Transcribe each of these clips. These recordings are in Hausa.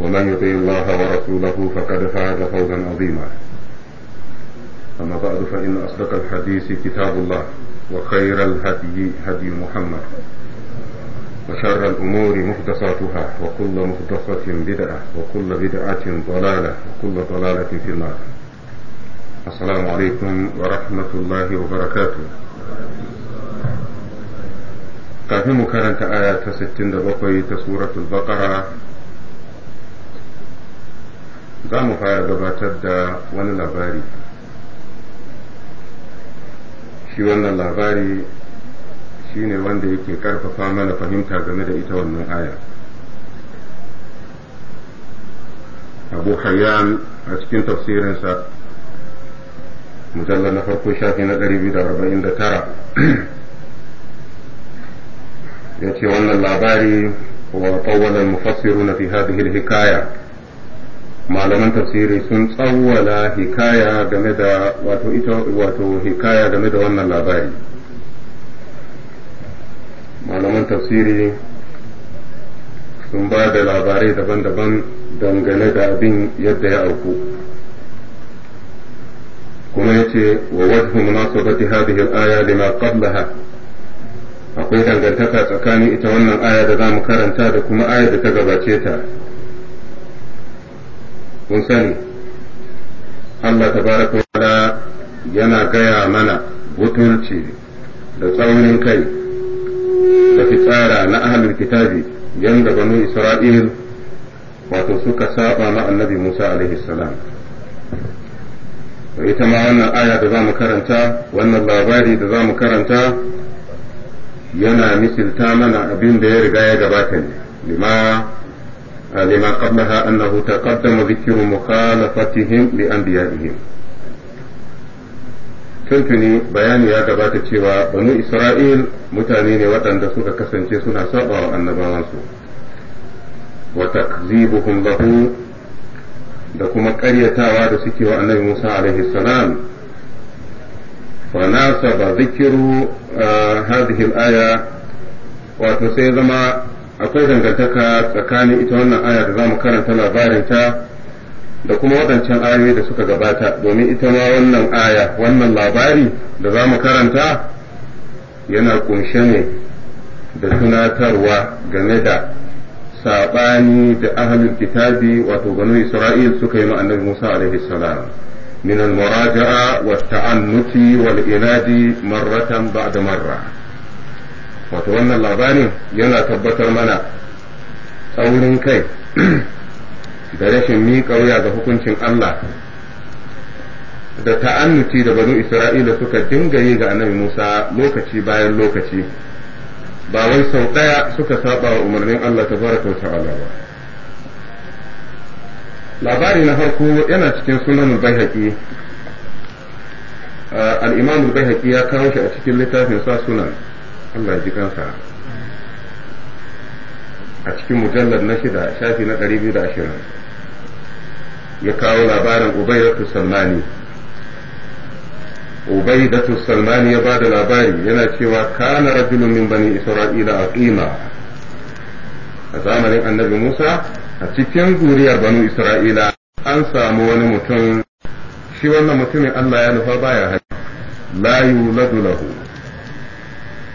ومن يطيع الله ورسوله فقد فاز فوزا عظيما أما بعد فإن أصدق الحديث كتاب الله وخير الهدي هدي محمد وشر الأمور محدثاتها وكل محدثة بدعة وكل بدعة ضلالة وكل ضلالة في النار السلام عليكم ورحمة الله وبركاته كافي مكرمه ايه aya ta 67 البقره za mu fara gabatar da wani labari shi wannan labari shi ne wanda yake karfafa mana fahimta game da ita wannan aya abu hayyan a cikin tafsirinsa mujallar na farko shafi na 249 ya ce wannan labari wa tsawalar mufassiru na fi hadhihi hikaya malaman tafsiri sun tsawwala hikaya game da wato ita wato hikaya game da wannan labari malaman tafsiri sun ba da labarai daban-daban dangane da abin yadda ya auku kuma ya ce wa wajhu munasabati hadhihi al-aya lima qablaha akwai dangantaka tsakanin ita wannan aya da zamu karanta da kuma aya da ta gabace ta kun sani Allah ta baraka yana gaya mana butulci da tsaunin kai da fitsara na ahalin kitabi yanda banu Isra'il wato suka saba ma annabi Musa alaihi salam ita ma wannan aya da zamu karanta wannan labari da zamu karanta yana misilta mana abin da ya riga ya gabata ne lima لما قبلها أنه تقدم ذكر مخالفتهم لأنبيائهم tuntuni bayani ya gabata cewa banu isra'il mutane ne waɗanda suka kasance suna saba wa annabawansu wa takzibuhum lahu da kuma ƙaryatawa da suke wa annabi Musa alaihi salam fa nasaba dhikru hadhihi al-aya wato sai zama akwai dangantaka tsakanin ita wannan aya da zamu karanta labarinta da kuma waɗancan ayoyi da suka gabata domin ita ma wannan aya wannan labari da za mu karanta yana kunshe ne da tunatarwa game da saɓani da ahalin kitabi wato banu isra'il suka yi annabi musa alaihi salam من المراجعة والتعنت والإناد مرة بعد مرة wato wannan labarin yana tabbatar mana tsaurin kai da rashin miƙa wuya ga hukuncin Allah da ta'annuci da banu Isra'ila suka dinga yi ga annabi Musa lokaci bayan lokaci ba wai sau ɗaya suka saba wa umarnin Allah ta baraka wa ta'ala ba labari na harku yana cikin sunan bai uh, al-imam ya kawo shi a cikin littafin sa sunan Allah ji kansa a cikin mujallar na shida shafi na ɗari biyu da ashirin ya kawo labarin ubaidatu Ubai da salmani ya ba da labari yana cewa kana rajulun min bani isra'ila aqima a zamanin annabi musa a cikin zuriyar banu isra'ila an samu wani mutum shi wannan mutumin allah ya nufa baya haifa la yuladu lahu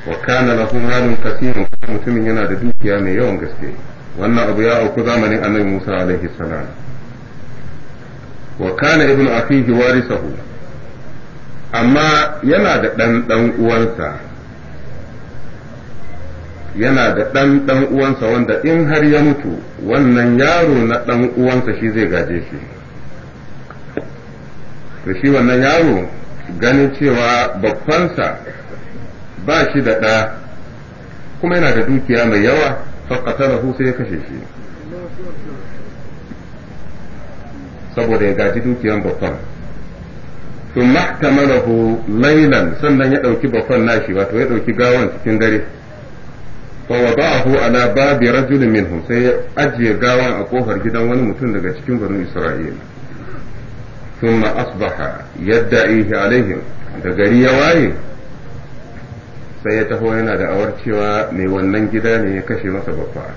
wa kana lahu malun kuma mutumin yana da dukiya mai yawan gaske wannan abu ya auku zamanin annabi Musa alaihi salam wa kana ibnu akhihi warisahu amma yana da dan dan uwansa yana da dan dan uwansa wanda in har ya mutu wannan yaro na dan uwansa shi zai gaje shi to shi wannan yaro ganin cewa baffansa. ba shi da ɗa kuma yana da dukiya mai yawa faƙatalahu sai ya kashe shi saboda ya gaji dukiyan babban sun mahtamalahu lailan sannan ya ɗauki babban nashi wato ya ɗauki gawan cikin dare فوضعه ala babi رجل منهم sai ajiye gawan a kofar gidan wani mutum daga cikin banu Isra'il ثم أصبح يدعيه عليهم da gari ya waye sai ya taho yana da awar cewa mai wannan gida ne ya kashe masa babba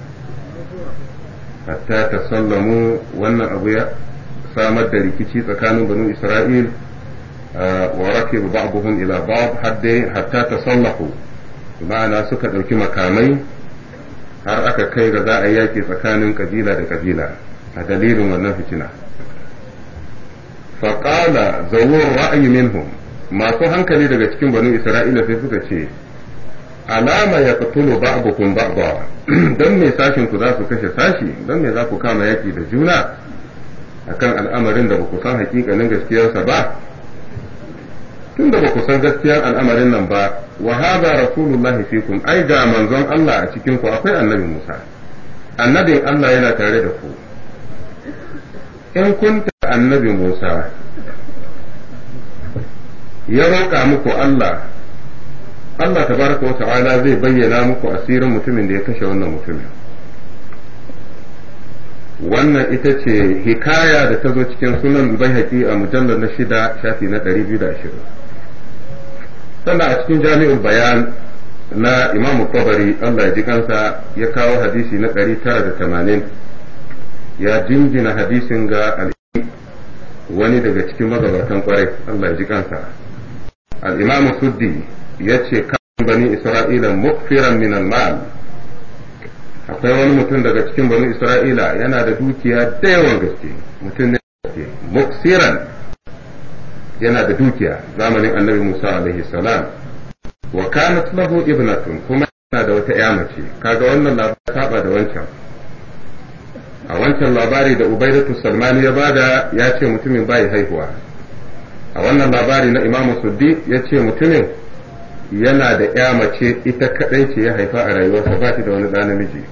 hatta ta sallamu wannan abu ya samar da rikici tsakanin banu isra'il wa rakibu ba'dhum ila ba'd hadde hatta ta tasallahu ma'ana suka ɗauki makamai har aka kai ga za a yaki tsakanin kabila da kabila a dalilin wannan fitina faƙala zawur ra'ayi minhum masu hankali daga cikin banu isra'ila sai suka ce alama ya fitulu ba abukun ba don me sashin ku za su kashe sashi don me za ku kama yaki da juna akan al'amarin da ba ku san hakikanin gaskiyarsa ba tun da ba ku san gaskiyar al'amarin nan ba wa hada rasulullahi fikum ai ga manzon Allah a cikin ku akwai annabi Musa annabin Allah yana tare da ku in kun kunta annabi Musa ya roƙa muku Allah Allah tabaraka wa ta'ala zai bayyana muku asirin mutumin da ya kashe wannan mutumin wannan ita ce hikaya da ta zo cikin sunan bai a mujallar na shida shafi na 220 sannan a cikin jami'ul bayan na imamu kwabari Allah ya ji kansa ya kawo hadisi na da 980 ya jingina hadisin ga wani daga cikin magabatan kwarai Allah ya ji kansa al-imamu suddi yace kan bani isra'ila mukfiran min al-mal akwai wani mutum daga cikin bani isra'ila yana da dukiya da yawan gaske mutum ne mukfiran yana da dukiya zamanin annabi musa alaihi salam wa kanat lahu ibnatun kuma yana da wata ya mace kaga wannan labarin saba da wancan a wancan labari da ubaidatu salmani ya bada ya ce mutumin bai haihuwa a wannan labari na imamu suddi ya ce mutumin yana da ya mace ita kaɗai ce ya haifa a rayuwarsa ba shi da wani ɗan namiji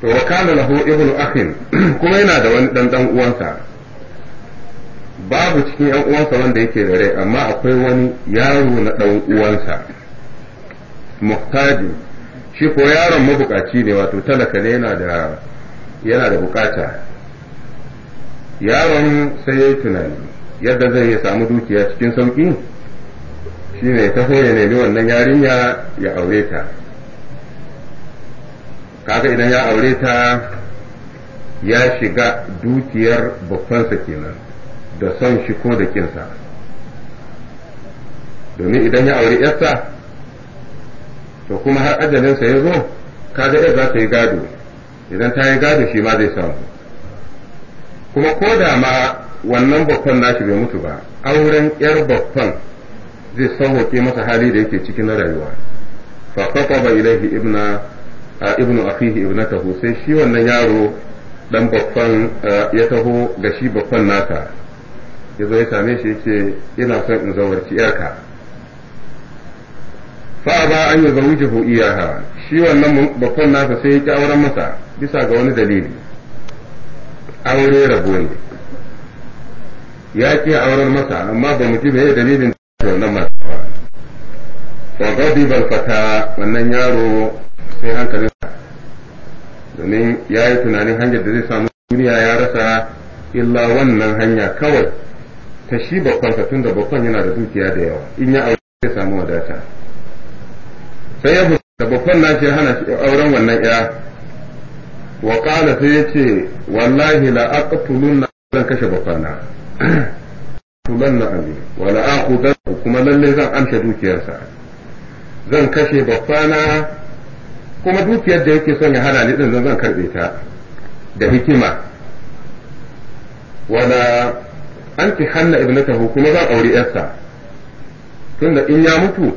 to wa kana lahu ibnu akhin kuma yana da wani ɗan ɗan uwansa babu cikin ‘yan uwansa wanda yake da rai amma akwai wani yaro na ɗan uwansa muhtaji shi ko yaron mabukaci ne wato talaka ne yana da yana da bukata yaron sai ya yi tunani yadda zai samu dukiya cikin sauƙi shi ne so ya nemi wannan yarinya ya aure ta kaga idan ya aure ta ya shiga dukiyar babbansa kenan da son shi ko da kinsa domin idan ya aure yarsa to kuma har ajalinsa ya zo kaga yar za ta yi gado idan ta yi gado shi ma zai samu kuma ko da ma wannan babban nashi bai mutu ba auren yar babban zai sauwaƙe masa hali da yake cikin na rayuwa fa qataba ilayhi ibna a ibnu akhihi ibnatahu sai shi wannan yaro dan babban ya taho ga shi babban nata ya zo ya same shi yace ina son in zawarci yarka fa ba an yazawijahu iyaha shi wannan babban nata sai ya auren masa bisa ga wani dalili aure rabo ne ya ki auren masa amma ba mu ji me dalilin wannan fa ghadiba al-fata wannan yaro sai hankalin domin ya yi tunanin hanyar da zai samu duniya ya rasa illa wannan hanya kawai ta shi bakwansa tun da bakwan yana da dukiya da yawa in ya aure zai samu wadata sai ya da bakwan na ya hana auren wannan ya wa kala sai ya ce wallahi la na zan kashe bakwana na abi wa la aqudanna kuma lalle zan amshe dukiyarsa zan kashe babbana kuma dukiyar da yake son ya hana ni din zan karbe ta da hikima wala an fi hanna ibnatahu kuma zan auri yarsa tunda in ya mutu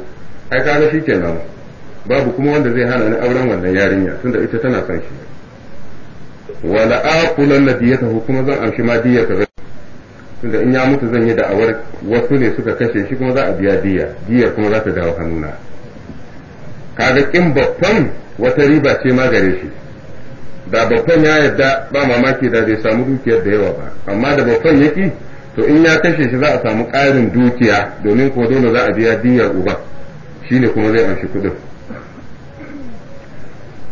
ai kaga kenan babu kuma wanda zai hana ni auren wannan yarinya tunda ita tana son shi wala aqulan nadiyatahu kuma zan amshi ma diyata tunda in ya mutu zan yi da'awar wasu ne suka kashe shi kuma za a biya diya diyar kuma za ta dawo hannuna kaga kin babban wata riba ce ma gare shi da babban ya yarda ba mamaki da zai samu dukiyar da yawa ba amma da babban yaki to in ya kashe shi za a samu ƙarin dukiya domin ko dole za a biya diyar uba shine kuma zai amshi kudin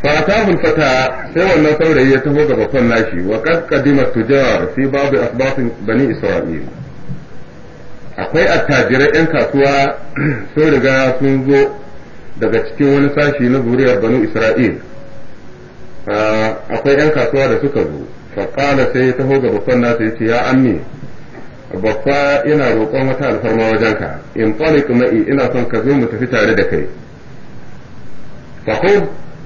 fatahul fata sai wannan saurayi ya taho ga babban nashi wa qad qadima tujar fi babu asbatin bani isra'il akwai attajirai yan kasuwa sun riga sun zo daga cikin wani sashi na zuriyar banu isra'il ah, akwai 'yan kasuwa da suka zo faƙala sai ya taho ga babban nasa ya ce ya ammi babba yana roƙon wata alfarma wajenka in tsalik kuma ina son ka zo mu tafi tare da kai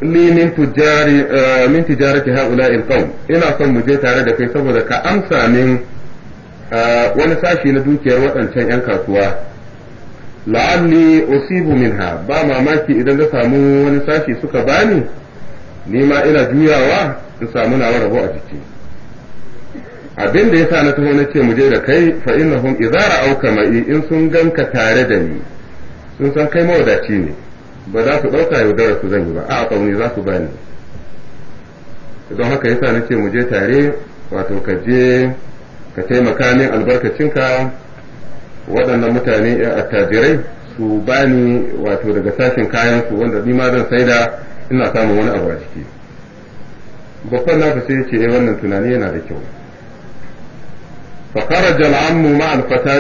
li min tujari ah, min tijarati haula in qawm ina son mu je tare da kai saboda ka amsa min ah, wani sashi na dukiyar waɗancan 'yan kasuwa la'alli usibu minha ba mamaki idan na samu wani sashi suka bani ni ma ina juyawa in samu nawa rabo a jiki abin da yasa na taho na ce mu je da kai fa innahum idza ra'auka ma'i in sun ganka tare da ni sun san kai mawadaci ne ba za su dauka da su zan yi ba a tsauni za su bani don haka yasa na ce mu je tare wato ka je ka taimaka min albarkacinka waɗannan mutane ya eh, attajirai su bani wato daga sashen kayan su wanda ni ma zan saida ina samun wani abu a ciki babban na sai ce eh wannan tunani yana da kyau fa kharaja al-ammu ma fata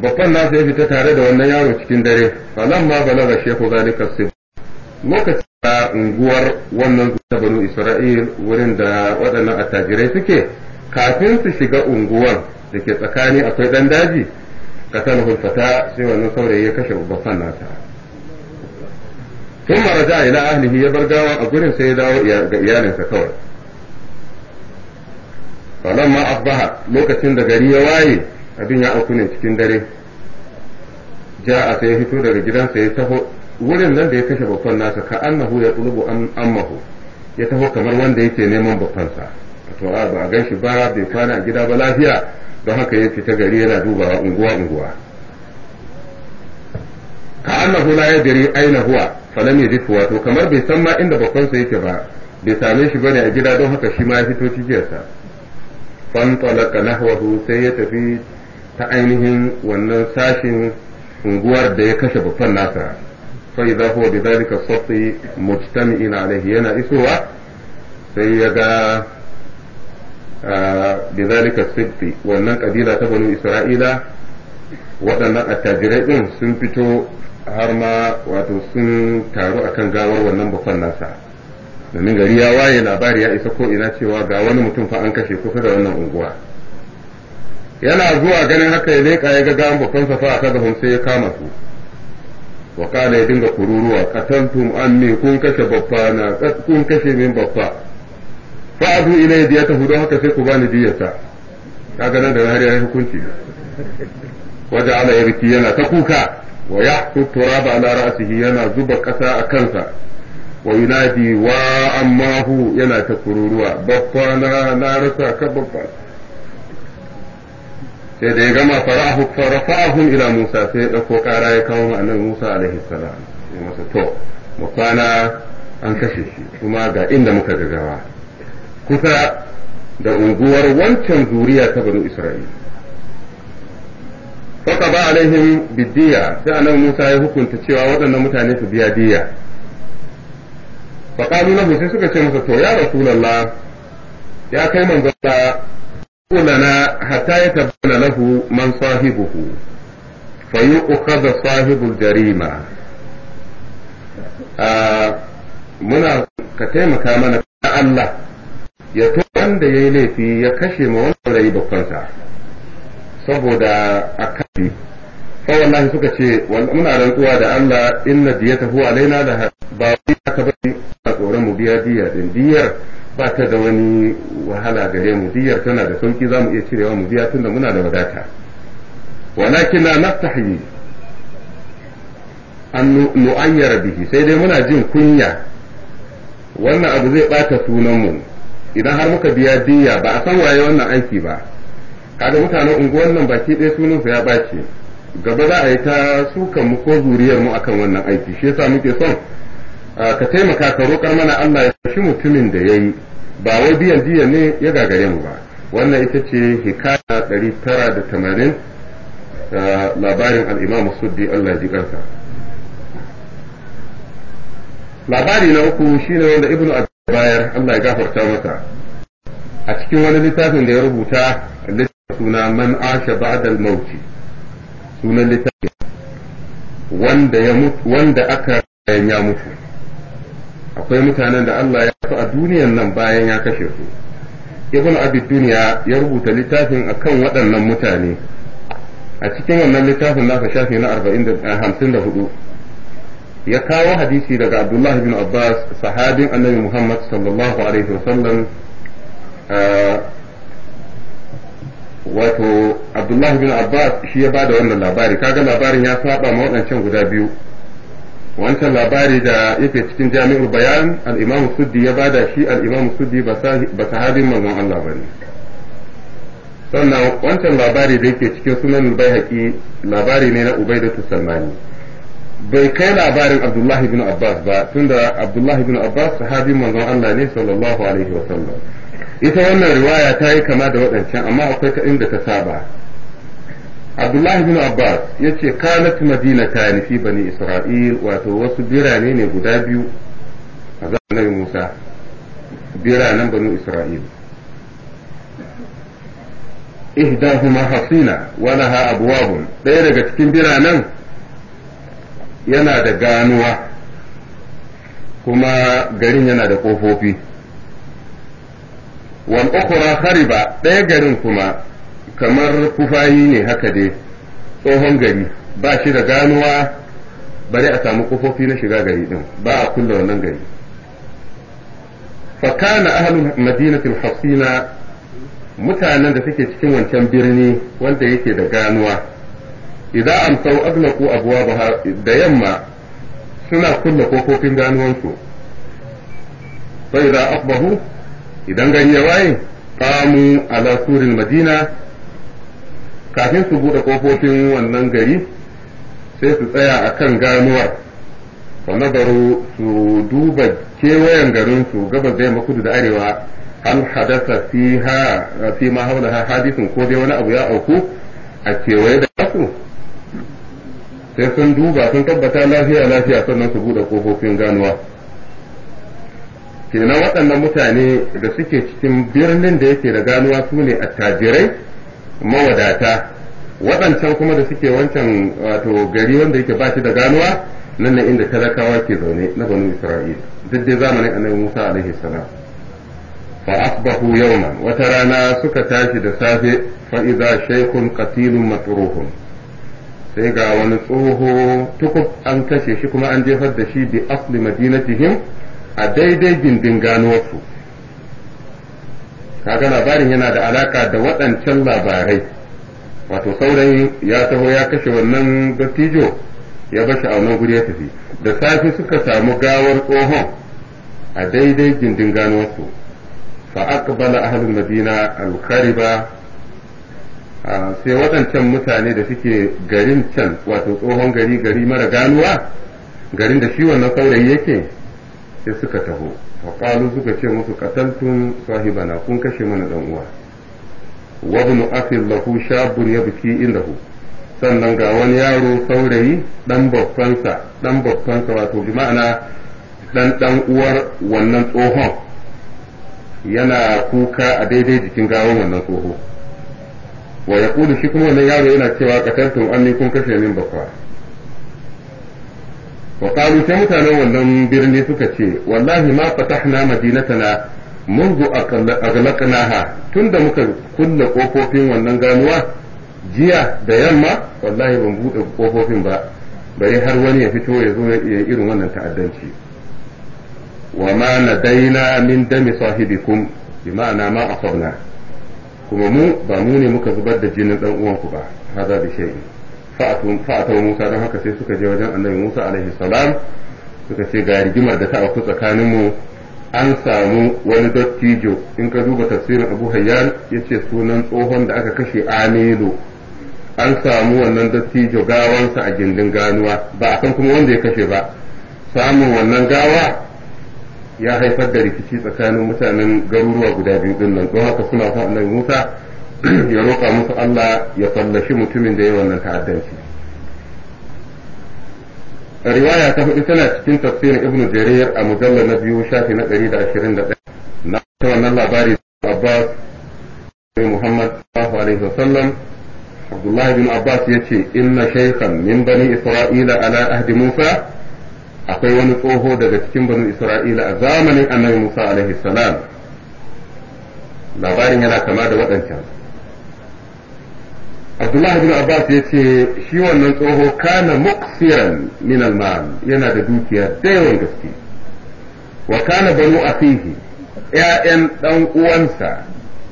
babban na ya fita tare da wannan yaro cikin dare falamma balaga shehu zalika sib lokacin da unguwar wannan ta banu isra'il wurin da waɗannan attajirai suke kafin su shiga unguwar da ke tsakani akwai dan daji katalar fata sai wannan saurayi ya kashe babban nasa sun a yi ahlihi ya bar gawa a gurin sai ya dawo ga iyalinsa kawai falon ma asbaha lokacin da gari ya waye abin ya auku ne cikin dare ja a sai ya fito daga gidansa ya taho wurin nan da ya kashe babban nasa ka annahu ya tulubu ammahu ya taho kamar wanda yake neman babbansa to ba a gan shi ba bai kwana a gida ba lafiya don haka ya fita gari yana dubawa unguwa unguwa ka annahu la yadri aina huwa falam yajid wato kamar bai san ma inda bakon sa yake ba bai same shi bane a gida don haka shi ma ya fito cikiyarsa fantalaka nahwahu sai ya tafi ta ainihin wannan sashin unguwar da ya kashe babban nasa fa idza huwa bidhalika safi mujtami'in alayhi yana isowa sai ya ga bidhalika sibti wannan kabila ta banu isra'ila waɗannan attajirai ɗin sun fito har ma wato sun taru akan gawar wannan bakon nasa domin gari ya waye labari ya isa ko ina cewa ga wani mutum fa an kashe kusa da wannan unguwa yana zuwa ganin haka ya leƙa ya ga gawar bakonsa fa a kada sai ya kama su wa ya dinga kururuwa qataltum anni kun kashe babba na kun kashe min babba fa adu ya tafi don haka sai ku bani diyata kaga nan da har yayi hukunci waje ala yana ta kuka wa tuttura ba ala ra'asihi yana zuba kasa a kansa wa yunadi wa mahu yana ta kururuwa babba na rasa ka babba sai da ya gama farahu farafa'ahum ila Musa sai ya dauko kara ya kawo annabi Musa alaihi salam ya masa to an kashe shi kuma ga inda muka gagawa kusa da unguwar wancan zuriya ta banu isra'ila faka ba alaihim bidiyya, sai anan musa ya hukunta cewa waɗannan mutane su biya diya faƙalu lahu sai suka ce masa to ya rasulallah ya kai manzon Allah kulana hatta ya tabbana lahu man sahibuhu fa da sahibul jarima ah, muna ka taimaka mana Allah ya wanda ya yi laifi ya kashe ma wannan yi bakwansa saboda a kafi wallahi suka ce muna rantsuwa da Allah inna diyatahu alaina da ba ya aka bari a tsoron mu biya diya din diyar ba ta da wani wahala gare mu diyar tana da sauki za mu iya cirewa mu biya tunda muna da wadata walakin na naftahi an nu'ayyar bihi sai dai muna jin kunya wannan abu zai bata sunan mu idan har muka biya diya ba a san waye wannan aiki ba kaga mutanen unguwar nan baki ɗaya sunansa ya bace gaba za a yi ta sukan mu ko zuriyar mu akan wannan aiki shi yasa muke son ka taimaka ka roƙar mana Allah ya shi mutumin da yayi ba wai biyan diya ne ya gagare mu ba wannan ita ce hikaya 980 labarin al-Imam Suddi Allah ya labari na uku shine wanda Ibn bayar Allah ya gafarta mata a cikin wani littafin da ya rubuta littafin suna man asha ba'dal mauti sunan littafin wanda ya mutu wanda aka ya mutu akwai mutanen da Allah ya fi a duniyan nan bayan ya kashe su ibn abi duniya ya rubuta littafin akan waɗannan mutane a cikin wannan littafin nasa shafi na 54 ya kawo hadisi daga Abdullah bin Abbas sahabin Annabi Muhammad sallallahu alaihi wasallam eh, wato Abdullah bin Abbas shi ya bada wannan labari kaga labarin ya saba ma waɗancan guda biyu wancan labari da yake cikin jami'ul bayan al-Imam Suddi ya bada shi al-Imam Suddi ba sahabin manzon Allah bane sannan wancan labari da yake cikin sunan bai labari ne na Ubaidatu Salmani bai kai labarin abdullahi bin abbas ba tunda abdullahi bin abbas sahabin manzon allah ne sallallahu alaihi wa sallam ita wannan riwaya ta yi kama da waɗancan amma akwai ta inda ta saba abdullahi bin abbas ya ce kanat madina ta nufi bani isra'il wato wasu birane ne guda biyu a zamanin musa biranen bani isra'il ihdahuma hasina wa laha abwabun ɗaya daga cikin biranen yana da ganuwa kuma garin yana da ƙofofi wal ukura khariba ɗaya garin kuma kamar kufayi ne haka dai tsohon gari ba shi da ganuwa bari a samu kofofi na shiga gari din ba a kulle wannan gari فكان أهل مدينة hasina mutanen da suke cikin wancan birni wanda yake da ganuwa idan amsau aglaku abuwa da yamma suna kulle kofofin ganuwansu sai da bahu. idan gari ya waye qamu ala suril madina kafin su bude kofofin wannan gari sai su tsaya a kan ganuwar fa nazaru su duba kewayen garin su gabas da yamma da arewa har hadasa fiha fi ma hawlaha hadithun ko dai wani abu ya auku a kewaye da su sai sun duba sun tabbata lafiya lafiya sannan su buɗe kofofin ganuwa kenan waɗannan mutane da suke cikin birnin da yake da ganuwa su ne attajirai mawadata waɗancan kuma da suke wancan wato gari wanda yake ba shi da ganuwa nan na inda talakawa ke zaune na banu isra'ila duk dai zamanin annabi musa alaihi salam fa asbahu yawman wata rana suka tashi da safe fa idza shaykhun qatilun matruhun sai ga wani tsoho tukub an kashe shi kuma an jefar da shi bi asli madinatihim a daidai gindin ganuwarsu kaga labarin yana da alaka da waɗancan labarai wato saurayi ya taho ya kashe wannan dattijo ya bashi a wani guri ya tafi da safe suka samu gawar tsohon a daidai gindin ganuwarsu fa aqbala ahlul madina al-khariba Ah, sai waɗancan mutane da suke garin can wato tsohon gari gari mara ganuwa garin da shi wannan saurayi yake sai suka taho faƙalu suka ce musu ƙataltun sahibana kun kashe mana ɗan uwa wabnu afin lahu shabun ya biki hu sannan ga wani yaro saurayi ɗan babbansa ɗan babbansa wato bi ma'ana ɗan ɗan uwar wannan tsohon yana kuka a daidai jikin gawon wannan tsoho wa ya shi kuma wannan yaro yana cewa an anni kun kashe min bakwa wa qalu sai mutanen wannan birni suka ce wallahi ma fatahna madinatana منذ أغلقناها tunda muka kulle kofofin wannan ganuwa jiya da yamma wallahi ban buɗe kofofin ba bare har wani ya fito ya zo ya irin wannan ta'addanci wa ma nadaina min dami sahibikum bi ma'ana ma asabna kuma mu ba mu ne muka zubar da jinin dan uwanku ba haza bi shay'in fa'atu Musa dan haka sai suka je wajen Annabi Musa alaihi salam suka ce ga rigimar da ta auku tsakanin mu an samu wani dattijo in ka duba tafsirin Abu Hayyan yace sunan tsohon da aka kashe Amelo an samu wannan dattijo gawansa a gindin ganuwa ba a san kuma wanda ya kashe ba samun wannan gawa ya haifar da rikici tsakanin mutanen garuruwa guda biyu din nan don haka suna sa annabi Musa ya roƙa musu Allah ya fallashi mutumin da ya wannan ta'addanci riwaya ta hudu tana cikin tafsirin Ibn Jarir a mujallar na biyu shafi na 121 na ta wannan labari Abbas Muhammad sallallahu alaihi wasallam Abdullah bin Abbas yace inna shaykhan min bani Isra'ila ala ahdi Musa akwai wani tsoho daga cikin banu isra'ila a zamanin annabi musa alaihi salam labarin yana kama da waɗancan abdullahi bin abbas ya ce shi wannan tsoho kana muksiran min alman yana da dukiya da yawan gaske wa kana banu afihi ƴaƴan dan uwansa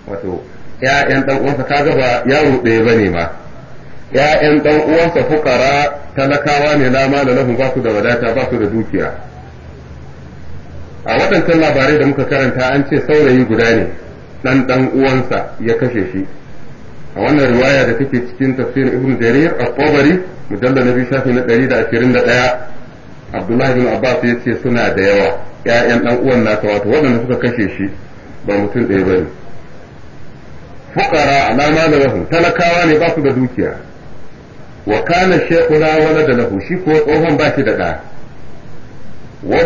wato ƴaƴan dan uwansa kaga ba yaro ɗaya bane ma ‘ya'yan ɗan uwansa fukara talakawa ne lama da lahun ba su da wadata ba su da dukiya a waɗancan labarai da muka karanta an ce saurayi guda ne ɗan ɗan uwansa ya kashe shi a wannan riwaya da take cikin tafsirin ibn jarir a kobari mujallar na biyu shafi na ɗari da ashirin da ɗaya abdullahi bin abbas ya ce suna da yawa ‘ya'yan ɗan uwan nasa wato waɗanda suka kashe shi ba mutum ɗaya ba ne fukara alama da lahun talakawa ne ba su da dukiya wa kana shaykhuna da lahu shi ko tsohon ba shi da da wa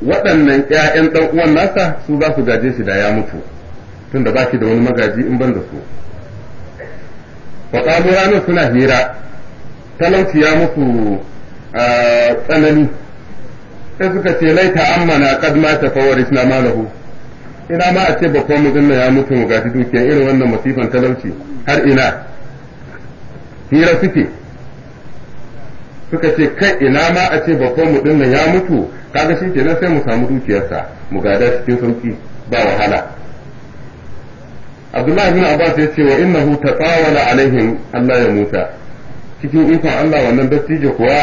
waɗannan ƴaƴan dan uwan nasa su za su gaje shi da ya mutu tunda ba shi da wani magaji in ban da su wa ranar suna hira talauci ya musu tsanani sai suka ce laita ammana kad mata fa warisna malahu ina ma a ce babban mu dinna ya mutu mu gaji dukiya irin wannan masifan talauci har ina hira suke suka ce kai ina ma a ce babban mu dinnan ya mutu kaga shi kenan sai mu samu dukiyarsa mu gada cikin sauki ba wahala Abdullahi bin Abbas ya ce wa innahu tatawala alaihim Allah ya muta cikin ikon Allah wannan dattijo kuwa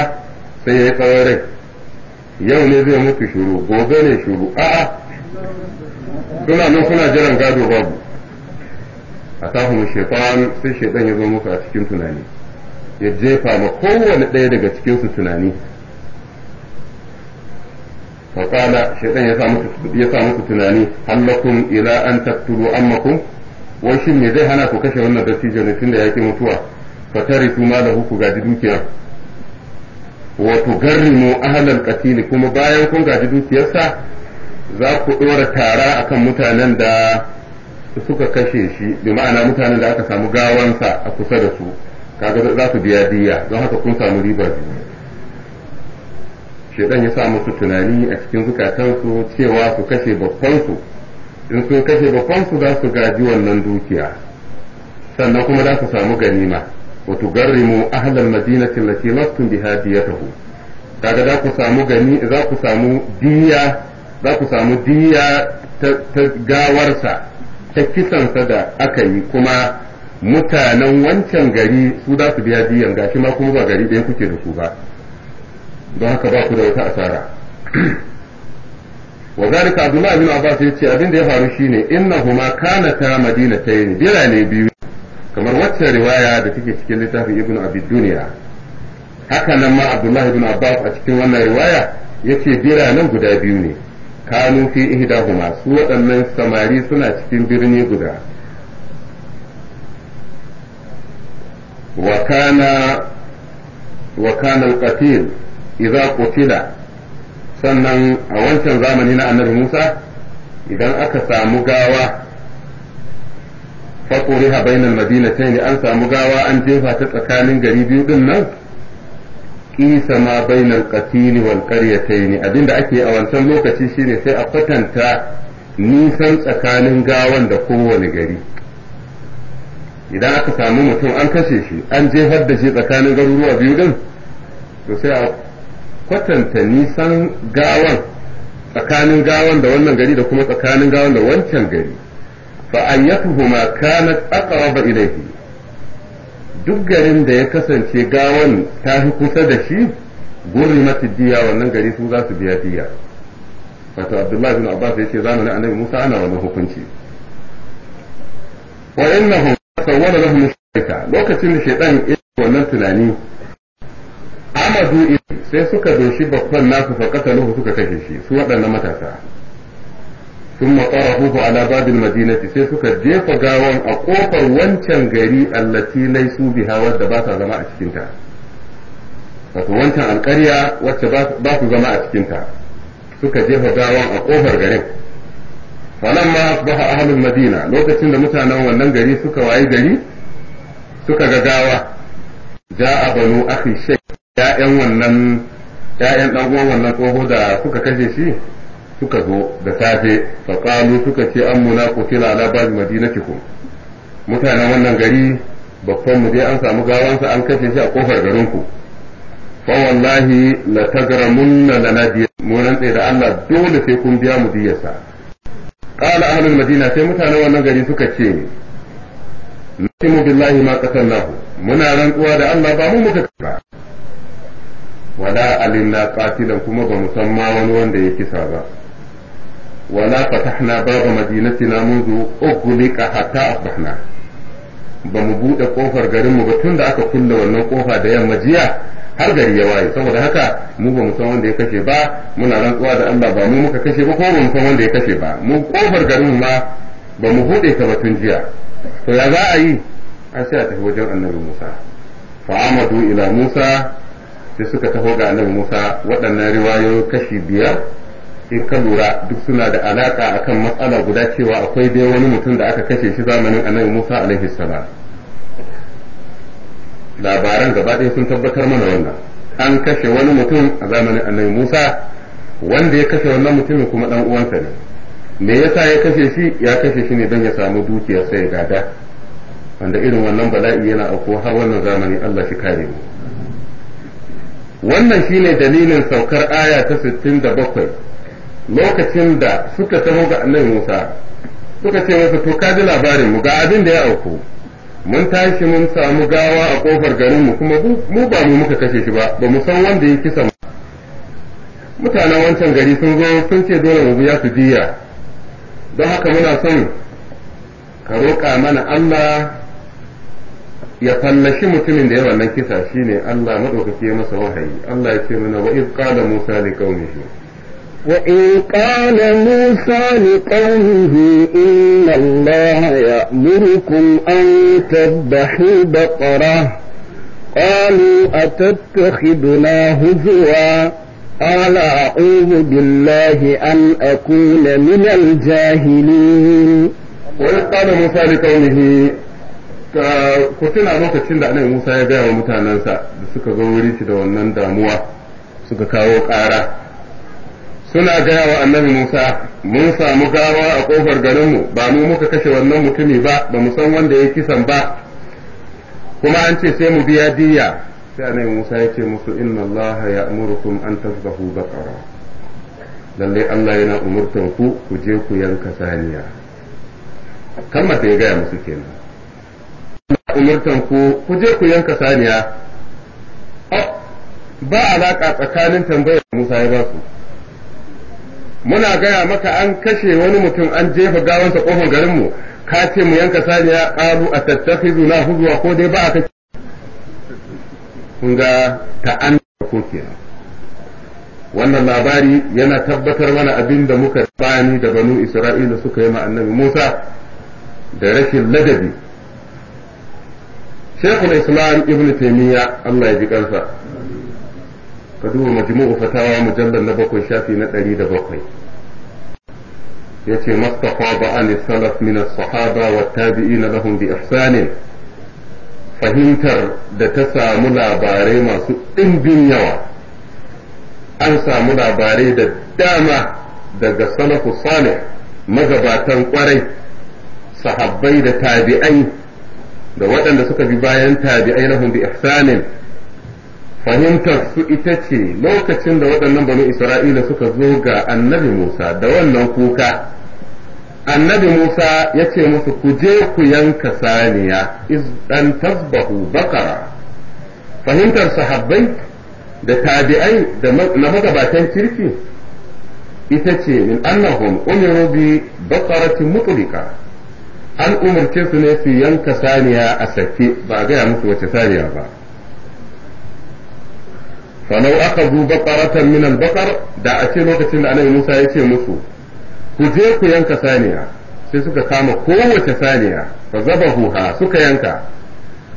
sai ya yi tsawon rai yau ne zai mutu shuru gobe ne shuru a'a suna nan suna jiran gado babu a mu shekwan sai shekwan ya zo musu a cikin tunani ya jefa ma kowane ɗaya daga cikinsu tunani faƙala shaidan ya sa musu tunani hallakun ila an taktulu ammakum wai shin ne zai hana ku kashe wannan dattijo ne tunda yake mutuwa fatari su malahu ku gaji dukiya wa tugarrimu ahlal qatili kuma bayan kun gaji sa za ku ɗora tara akan mutanen da suka kashe shi bi ma'ana mutanen da aka samu gawansa a kusa da su kaga za su biya diya don haka kun samu riba biyu shedan ya sa musu tunani a cikin zukatansu cewa su kashe babbansu in sun kashe babbansu za su gaji wannan dukiya sannan kuma za su samu ganima wa tugarrimu ahlal madinati allati lastum biha diyatuhu kaga za ku samu gani za ku samu diya za ku samu diya ta gawarsa ta kisansa da aka yi kuma mutanen wancan gari su za su biya biyan shi ma kuma ba gari ɗaya kuke da su ba don haka ba ku da wata asara wa zalika abdullahi bin abbas yace abin da ya faru shine innahuma kanata madinatayn birane biyu kamar wacce riwaya da take cikin littafin ibn abi dunya haka nan ma abdullahi bin abbas a cikin wannan riwaya yace biranen guda biyu ne kanu fi ihdahuma su waɗannan samari suna cikin birni guda وكان وكان القتيل إذا قتل sannan a wancan zamani na annabi Musa idan aka samu gawa bainar bainal madinatayn an samu gawa an jefa ta tsakanin gari biyu din nan ƙisa ma bainal qatil wal ne abinda ake a wancan lokaci shine sai a kwatanta nisan tsakanin gawan da kowane gari idan aka samu mutum an kashe shi an jefar da shi tsakanin garuruwa biyu din to sai a kwatanta nisan gawan tsakanin gawan da wannan gari da kuma tsakanin gawan da wancan gari fa kana tsakawa ba ilaihi duk garin da ya kasance gawan ta fi kusa da shi mata diya wannan gari su za su biya diya wato abdullahi bin abbas ya ce zamanin annabi musa ana wannan hukunci wa innahum sawwara lahum shaytan lokacin da shaytan ya wannan tunani amadu sai suka doshi babban nasu fa qataluhu suka kashe shi su waɗannan matasa sun matsarafuhu ala babil madinati sai suka jefa gawan a kofar wancan gari allati laisu biha wadda ba ta zama a cikinta wato wancan alƙarya wacce ba su zama a cikinta suka jefa gawan a kofar garin falamma asbaha ahlul madina lokacin da mutanen wannan gari suka waye gari suka ga gawa ja'a banu akhi shay ya'yan wannan ya'yan wannan tsoho da suka kashe shi suka zo da safe fa qalu suka ce ammuna qutila ala ba'd madinatikum mutanen wannan gari baffan mu dai an samu gawansa an kashe shi a kofar garinku fa wallahi la tagramunna lana mun rantse da Allah dole sai kun biya mu diyarsa qala ahlul madina sai mutanen wannan gari suka ce nasimu billahi ma qatalnahu muna rantsuwa da Allah ba mu muka ba wala alimna qatilan kuma ba musamma wani wanda ya kisa ba wala fatahna baba madinatina منذ ughliqa hatta asbahna ba mu buɗe ƙofar garinmu ba tun da aka kulle wannan ƙofa da yamma jiya har gari ya waye saboda haka mu ba mu san wanda ya kashe ba muna rantsuwa da Allah ba mu muka kashe ba ko ba mu san wanda ya kashe ba mu kofar garin ma ba mu buɗe ta ba tun jiya to ya za a yi an sai a tafi wajen annabi Musa fa amadu ila Musa sai suka taho ga annabi Musa waɗannan riwayoyi kashi biyar in ka lura duk suna da alaka akan matsala guda cewa akwai dai wani mutum da aka kashe shi zamanin annabi Musa alaihi salam labaran gaba ɗaya sun tabbatar mana wannan an kashe wani mutum a zamanin annabi Musa wanda ya kashe wannan mutumin kuma dan uwansa ne me yasa ya kashe shi ya kashe shi ne don ya samu dukiyar sai gada wanda irin wannan bala'i yana auko har wannan zamani Allah shi kare mu wannan shine dalilin saukar aya ta 67 lokacin da suka taho ga annabi Musa suka ce masa to ka ji labarin mu ga abin da ya auku mun tashi mun samu gawa a kofar garin mu kuma mu ba mu muka kashe shi ba ba mu san wanda ya kisa mu. mutanen wancan gari sun zo sun ce dole mu biya su diya don haka muna son ka roƙa mana Allah ya fallashi mutumin da ya wannan kisa shine Allah madaukake masa wahayi Allah ya ce mana wa iz qala musa qaumihi وإن قال موسى لقومه إن الله يأمركم أن تذبحوا بقرة قالوا أتتخذنا هزوا قال أعوذ بالله أن أكون من الجاهلين وإن قال موسى لقومه كتنا موسى تشند da موسى Musa ya نسا بسكة mutanensa da suka zo wuri shi suna gaya wa annabi Musa mun samu gawa a kofar garinmu ba mu muka kashe wannan mutumi ba ba mu san wanda ya kisan ba kuma an ce sai mu biya diya sai annabi Musa ya ce musu inna Allah ya'murukum an tasbahu baqara lalle Allah yana umurtan ku ku je ku yanka saniya kan mata ya gaya musu kenan umurtan ku ku je ku yanka saniya oh, ba alaka tsakanin tambayar Musa ya ba su muna gaya maka an kashe wani mutum an jefa gawansa kofar garinmu ka ce mu yanka Sani ya karu a tattafizu na huzuwa ko dai ba a kashe kun ga ko kenan wannan labari yana tabbatar mana abin da muka bani da banu isra'ila suka yi ma annabi musa da rashin ladabi shekul islam ibn taimiyya allah ya ji kansa ka duba majmu'u fatawa mujallal na bakwai shafi na ɗari da bakwai yace mastafada an salaf min as-sahaba wa tabi'ina lahum bi ihsanin fahimtar da ta samu labarai masu ɗimbin yawa an samu labarai da dama daga salafu salih magabatan kwarai sahabbai da tabi'ai da waɗanda suka bi bayan tabi'ai lahum bi ihsanin fahimtar su ita ce lokacin da waɗannan bani isra'ila suka zo ga annabi musa da wannan kuka annabi musa ya ce musu ku je ku yanka saniya dan tasbahu bakara fahimtar sahabbai da tabi'ai na magabatan kirki ita ce min annahum umiru bi bakarati mutulika an umarce su ne su yanka saniya a sake ba a gaya musu wace saniya ba falau aka zu baqaratan min al-baqar da a ce lokacin da annabi ya ce musu ku je ku yanka saniya sai suka kama kowace saniya fa zabahuha suka yanka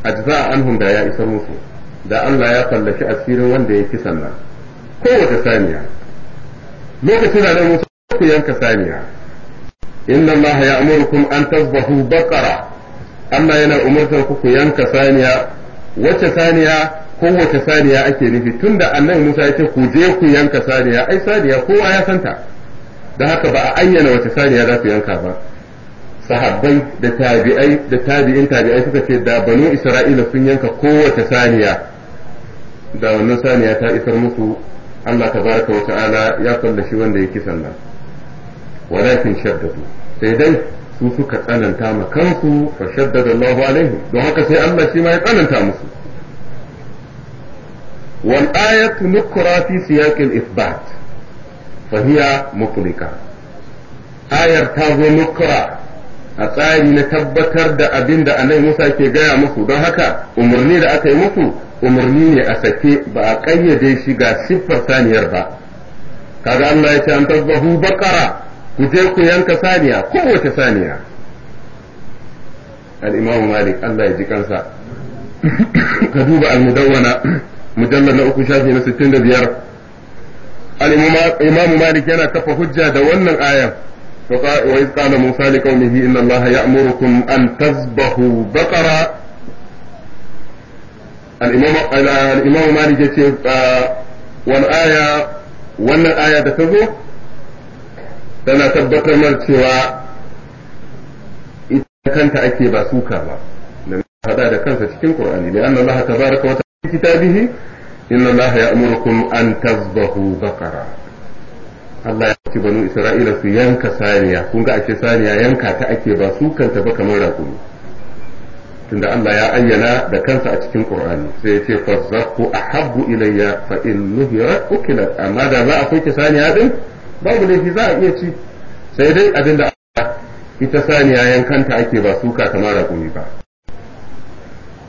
ajza anhum da ya isar musu da Allah ya fallashi asirin wanda ya kisan nan kowace saniya lokacin da annabi Musa ku yanka saniya inna Allah ya amurkum an tasbahu baqara Allah yana umartar ku ku yanka saniya wacce saniya kowace saniya ake nufi tun da annabi Musa ya ce ku je ku yanka saniya ai saniya kowa ya santa da haka ba a ayyana wace saniya za su yanka ba sahabbai da tabi'ai da tabi'in tabi'ai suka ce da banu isra'ila sun yanka kowace saniya da wannan saniya ta isar musu Allah tabaraka wa ta'ala ya kallashi wanda ya kisan nan walakin shaddadu sai dai su suka tsananta ma kansu fa shaddada Allahu alaihim don haka sai Allah shi ma ya tsananta musu والآية نكرة في سياق الإثبات فهي مطلقة آية تازو نكرة a tsari na tabbatar da abin da annabi Musa ke gaya musu don haka umarni da aka yi musu umarni ne a sake ba a ƙayyade shi ga siffar saniyar ba kaga Allah ya ce an tasbahu bakara ku je ku yanka saniya kowace saniya al Malik Allah ya ji kansa ka duba al-Mudawwana mujallar na uku shafi na 65 al-imam malik yana kafa hujja da wannan ayan wa iz qala musa liqaumihi inna allaha ya'murukum an tazbahu baqara al-imam al-imam malik yace ah, wal aya wannan aya da ta zo tana tabbatar mana cewa ita kanta ake ba suka ba da hada da kansa cikin qur'ani ne annallaha كتابه إن الله يأمركم أن تذبحوا بقرة Allah ya ce banu Isra'ila su yanka saniya, kun ga ake saniya yanka ta ake ba su kanta ba kamar rakumi. Tunda Allah ya ayyana da kansa a cikin Ƙur'ani, sai ya ce a ahabbu ilayya fa in nuhira ukilat amma da za a soke saniya din babu laifi za a iya ci sai dai abin da ita saniya yankanta ake ba suka kamar rakumi ba.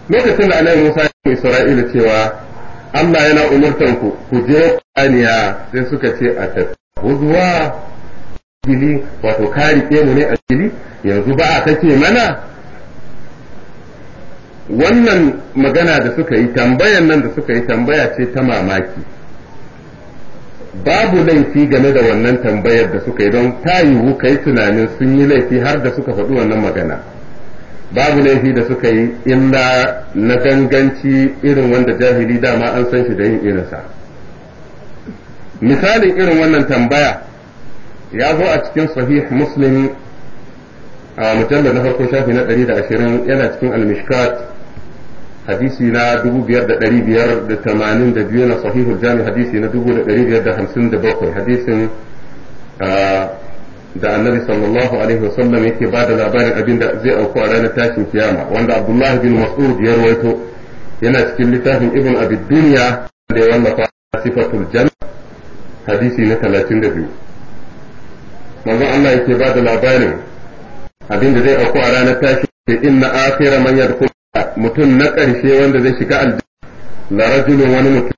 Lokacin da Annabi Musa Isra'ila cewa Allah yana umurtan ku ku je kaniya sai suka ce a tattahuzuwa jili wato kari mu ne a gili yanzu ba a kake mana wannan magana da suka yi tambayan nan da suka yi tambaya ce ta mamaki babu laifi game da wannan tambayar da suka yi don ta yiwu kai tunanin sun yi laifi har da suka faɗi wannan magana babu laifi da suka yi inda na ganganci irin wanda jahili dama an san shi da yin irinsa misalin irin wannan tambaya ya zo a cikin sahih muslim a mujallar na farko shafi na 120 yana cikin al-mishkat hadisi na 5582 na sahihul jami hadisi na 5557 hadisin da annabi sallallahu alaihi wasallam yake ba da labarin abin da zai auku a ranar tashin kiyama wanda abdullahi bin mas'ud ya rawaito yana cikin littafin ibn abi dunya da ya wallafa sifatul janna hadisi na 32 manzo Allah yake ba da labarin abin da zai auku a ranar tashin kiyama inna akhira man yadkhul mutum na karshe wanda zai shiga aljanna la rajulun wani mutum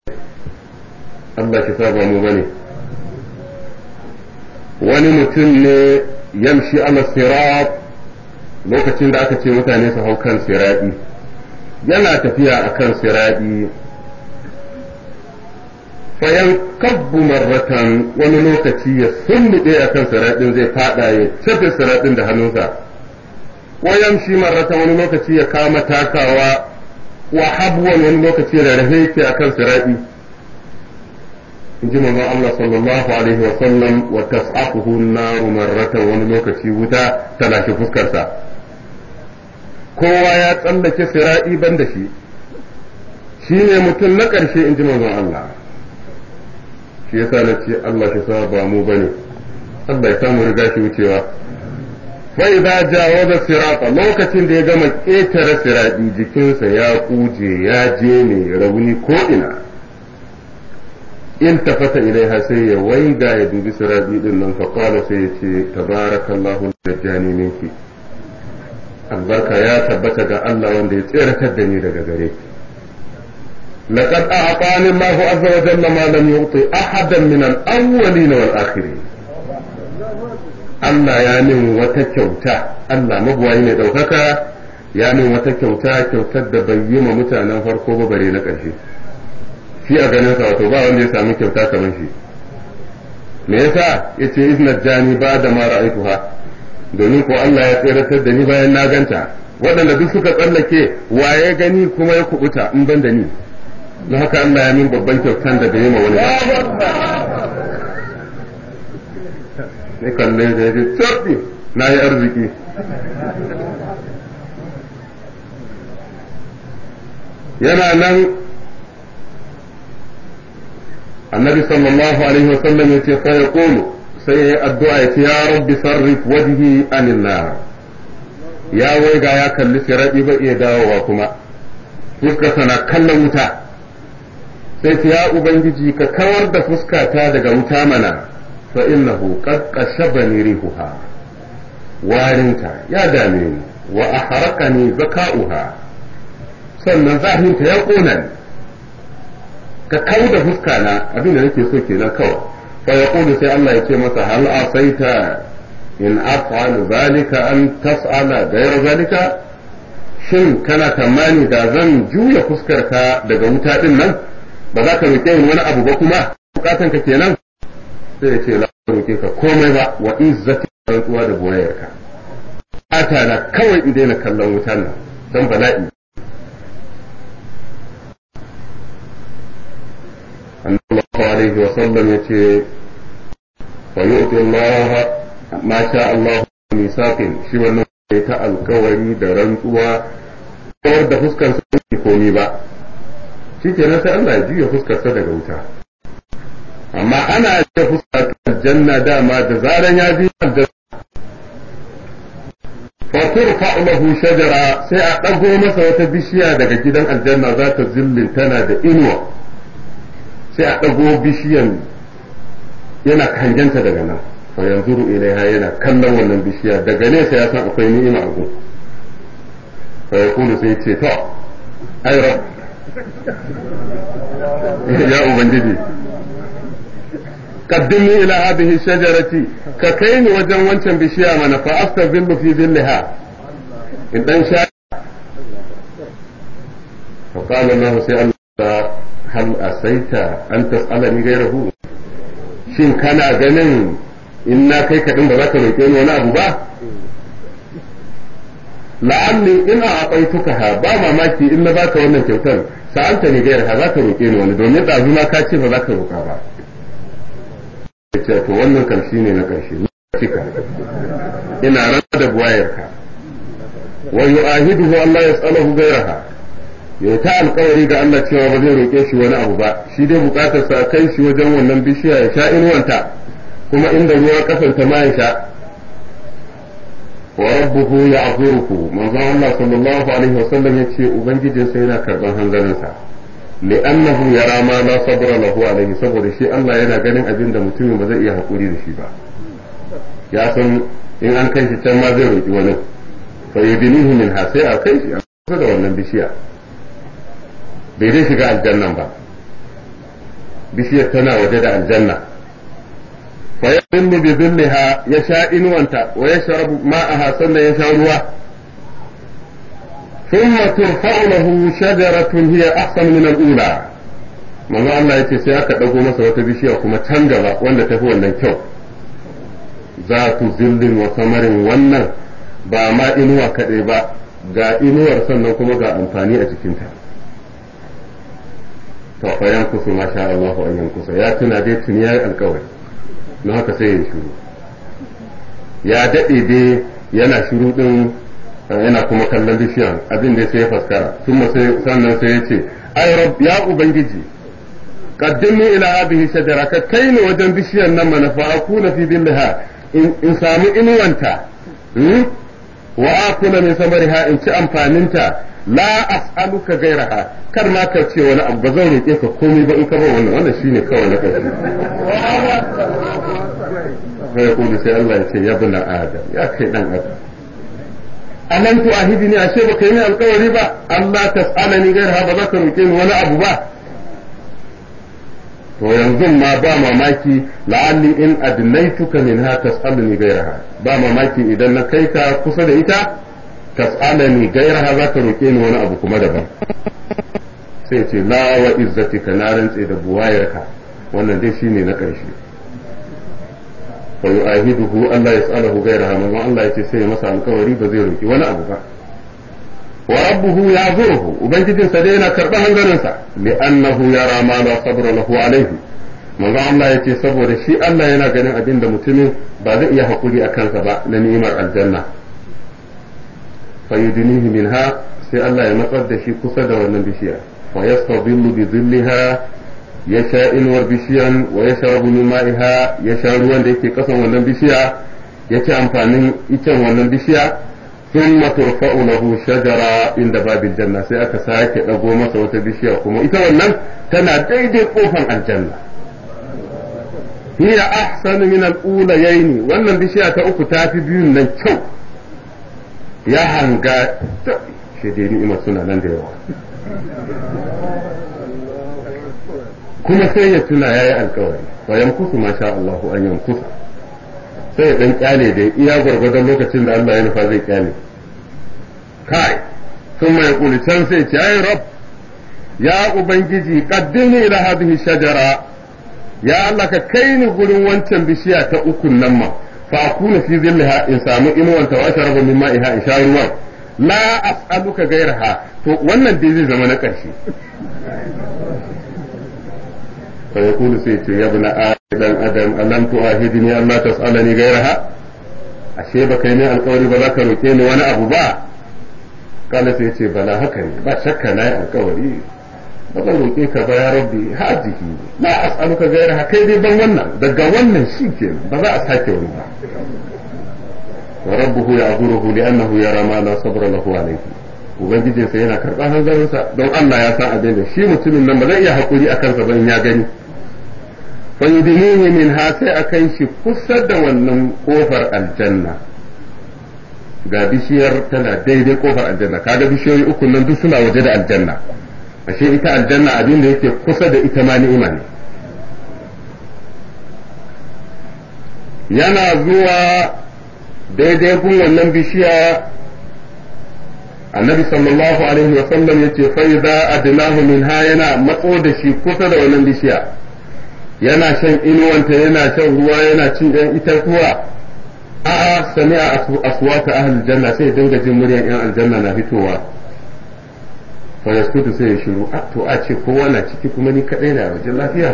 Allah ki saba mu bane wani mutum ne yamshi ala sirat lokacin da aka ce mutane su hau kan siradi yana tafiya a kan siradi fayan kabbu marratan wani lokaci ya sunnuɗe a kan siradin zai faɗa ya cafe siradin da hannunsa wayan shi marratan wani lokaci ya kama takawa wa habwan wani lokaci da rahe yake a kan siradi ji manzon Allah sallallahu alaihi wa sallam wa tas'aquhu an-naru marratan wani lokaci wuta ta lashe fuskarsa kowa ya tsallake sira'i ban da shi shi ne mutum na ƙarshe in ji manzon Allah shi yasa na ce Allah shi sa ba mu bane Allah ya samu riga shi wucewa fa idza jawaza sirata lokacin da ya gama ƙetare siraɗi jikinsa ya kuje ya je ne rauni ko ina in tafata ilaiha sai ya waiga ya dubi sirabi din nan faƙwala sai ya ce tabarakallahu najjani minki albarka ya tabbata ga Allah wanda ya tseratar da ni daga gare ki azza wa jalla ma lam yu'ti ahadan min al-awwalin wal akhirin Allah ya min wata kyauta Allah magwayi ne ɗaukaka ya min wata kyauta kyautar da bai yi ma mutanen farko ba bare na ƙarshe shi a ganin sa wato ba wanda ya samu kyauta kamar shi me yasa yace izna jani ba da ma ra'aituha domin ko Allah ya tsiratar da ni bayan na ganta waɗanda duk suka tsallake waye gani kuma ya kubuta in ban da ni don haka Allah ya min babban kyautan da bai ma wani ba kalle da yake na yi arziki yana nan annabi sallallahu alaihi wasallam yace fa yaqulu sai yayi addu'a yace ya rabbi sarrif wajhi anil nar ya waiga ya kalli siradi ba iya dawowa kuma fuskarsa na kallon wuta sai ta ya ubangiji ka kawar da fuskata daga wuta mana fa innahu qad qashabani rihuha warinta ya dame ni wa ahraqani zaka'uha sannan zahinta ya kona ka kai da fuska na abin da nake so kenan kawai fa yaqulu sai Allah ya ce masa hal asaita in afal zalika an tas'ala ghayra zalika shin kana tamani da zan juya fuskar ka daga wuta din nan ba za ka rike wani abu ba kuma bukatan ka kenan sai ya ce la rike ka komai ba wa izzati rantsuwa da boyarka ata na kawai in daina kallon wutan nan dan bala'i sallallahu alaihi wa sallam yace wa yu'ti Allah ma sha Allah misaqin shi wannan sai ta alkawari da rantsuwa kawar da fuskar sa ne komi ba shikenan sai Allah ya juya daga wuta amma ana da fuskar aljanna dama da zaran ya ji aljanna faturfa lahu shajara sai a ɗago masa wata bishiya daga gidan aljanna za ta zillin tana da inuwa sai a ɗago bishiyan yana kangenta daga nan fa yanzuru ya yana kallon wannan bishiya daga nesa ya san akwai ni'ima a gun fa yaqulu sai ce to ai rabb ya ubangiji qaddimni ila hadhihi shajarati ka kai ni wajen wancan bishiya mana fa astazillu fi zillaha in dan sha fa qala lahu sai Allah hal asaita an tas'alani gairahu shin kana ganin in na kai kaɗin ba za ka roƙe ni wani abu ba la'anni ina a aƙaituka ha ba mamaki in na baka wannan kyautar sa'anta ni gayar ha za ka roƙe ni wani domin ɗazu ma ka ce ba za ka roƙa ba to wannan kan ne na karshe cika ina rada da buwayarka wa yu'ahiduhu Allah yas'aluhu gairaha ya ta alkawari ga Allah cewa ba zai roƙe shi wani abu ba shi dai buƙatar sa kai shi wajen wannan bishiya ya sha inuwanta kuma inda ruwa ta ma ya sha wa rabbuhu ya'zuruhu manzo Allah sallallahu alaihi wasallam yace ubangijin sa yana karban hanzarin sa annahu yara ma la sabra lahu alaihi saboda shi Allah yana ganin abin da mutumin ba zai iya hakuri da shi ba ya san in an kai shi can ma zai roƙi wani fa yudinihi min hasai a kai shi a da wannan bishiya bai zai shiga aljannan ba bishiyar tana waje da aljanna fa ya zillu bi zilliha ya sha inuwanta wa ya sharabu ma'aha sannan ya sha ruwa thumma turfa'u shajaratun hiya ahsan min al-ula manzo Allah yace sai aka dago masa wata bishiya kuma can gaba wanda tafi wannan kyau za ku zillin wa samarin wannan ba ma inuwa kaɗai ba ga inuwar sannan kuma ga amfani a jikinta to fa yankusu ma sha Allahu an yankusa ya tuna dai tuni ya alƙawari. Na haka sai ya shiru ya daɗe dai yana shiru din eh, yana kuma kallon bishiyan abin da sai ya faskara sannan sai ya ce ai rabb ya ubangiji qaddimni ila hadhihi shajara ka kai ni wajen bishiyan nan mana fa akuna fi billaha in samu inuwanta hmm, wa akuna min samariha in ci amfaninta la as'aluka gairaha kar ma ka ce wani abu ba zan roƙe ka komai ba in ka ba wannan wannan shine kawai na kashi sai kuma sai Allah ya ce ya bula adam ya kai dan adam alam tu ahidini ashe baka yi ni alƙawari ba Allah tas'alani gairaha ba za ka roƙe ni wani abu ba to yanzu ma ba mamaki la'alli in adnaituka min ha tas'alni gairaha ba mamaki idan na kai ka kusa da ita tas'alani gairaha za ka roƙe ni wani abu kuma daban sai ce la wa izzatika na rantse da buwayarka wannan dai shine na ƙarshe fa yu'ahiduhu Allah yas'aluhu gairaha manzo Allah yace sai ya masa alƙawari ba zai roƙi wani abu ba wa rabbuhu ya'zuruhu ubangijin sa dai yana karɓar hangarin sa li'annahu yara ma la sabra lahu alayhi manzo Allah yace saboda shi Allah yana ganin abin da mutumin ba zai iya hakuri a kansa ba na ni'imar aljanna fa minha sai Allah ya matsar da shi kusa da wannan bishiya fa yastadillu bi dhillaha ya sha inuwar bishiyan wa ya sha min ma'iha ya sha ruwan da yake kasan wannan bishiya ya ci amfanin icen wannan bishiya thumma turfa'u lahu shajara inda babil janna sai aka sake dago masa wata bishiya kuma ita wannan tana daidai kofan aljanna hiya ahsanu min al-ulayaini wannan bishiya ta uku ta fi biyun nan kyau ya hanga shi dai suna nan da yawa kuma sai ya tuna yayi alkawari bayan yamkusu ma sha Allah an kusa. sai ya dan kyale da iya gwargwadon lokacin da Allah ya nufa zai kyale kai sun mai can sai ce ai rab ya ubangiji qaddini ila hadhihi shajara ya Allah ka kai ni gurin wancan bishiya ta ukun nan ma fa akuna fi ha in samu inuwanta wa ashraba min ma'iha in sha ruwan la as'aluka gairaha to wannan dai zai zama na ƙarshe fa yaqulu sai ce ya bani adam adam alam tu'ahidni an la tas'alani gairaha ashe ba kai ne alƙawari ba za ka roke ni wani abu ba kala sai ce bala haka ne ba shakka na yi alƙawari daga roƙe ka ba ya rabbi har jiki la as'aluka ghayra kai dai ban wannan daga wannan shi kenan ba za a sake wani ba wa rabbuhu hu li'annahu yara ma la sabra lahu alayhi ubangijinsa yana karɓar hanzarinsa don Allah ya san abin da shi mutumin nan ba zai iya haƙuri a kansa ba in ya gani fa yudinihi min ha sai a kai shi kusa da wannan kofar aljanna ga bishiyar tana daidai kofar aljanna kaga bishiyoyi uku nan duk suna waje da aljanna ashe ita aljanna abin da yake kusa da ita ma ni'ima ne yana zuwa daidai gun wannan bishiya annabi sallallahu alaihi wa sallam ya ce idza adnahu ha yana matso da shi kusa da wannan bishiya yana shan inuwanta yana shan ruwa yana cin ɗan itatuwa a'a sami'a aswata ahlul janna sai dinga jin muryar 'yan aljanna na fitowa fa yaskutu sai ya shiru a ah, to a ce kowa na ciki kuma ni kadai na waje lafiya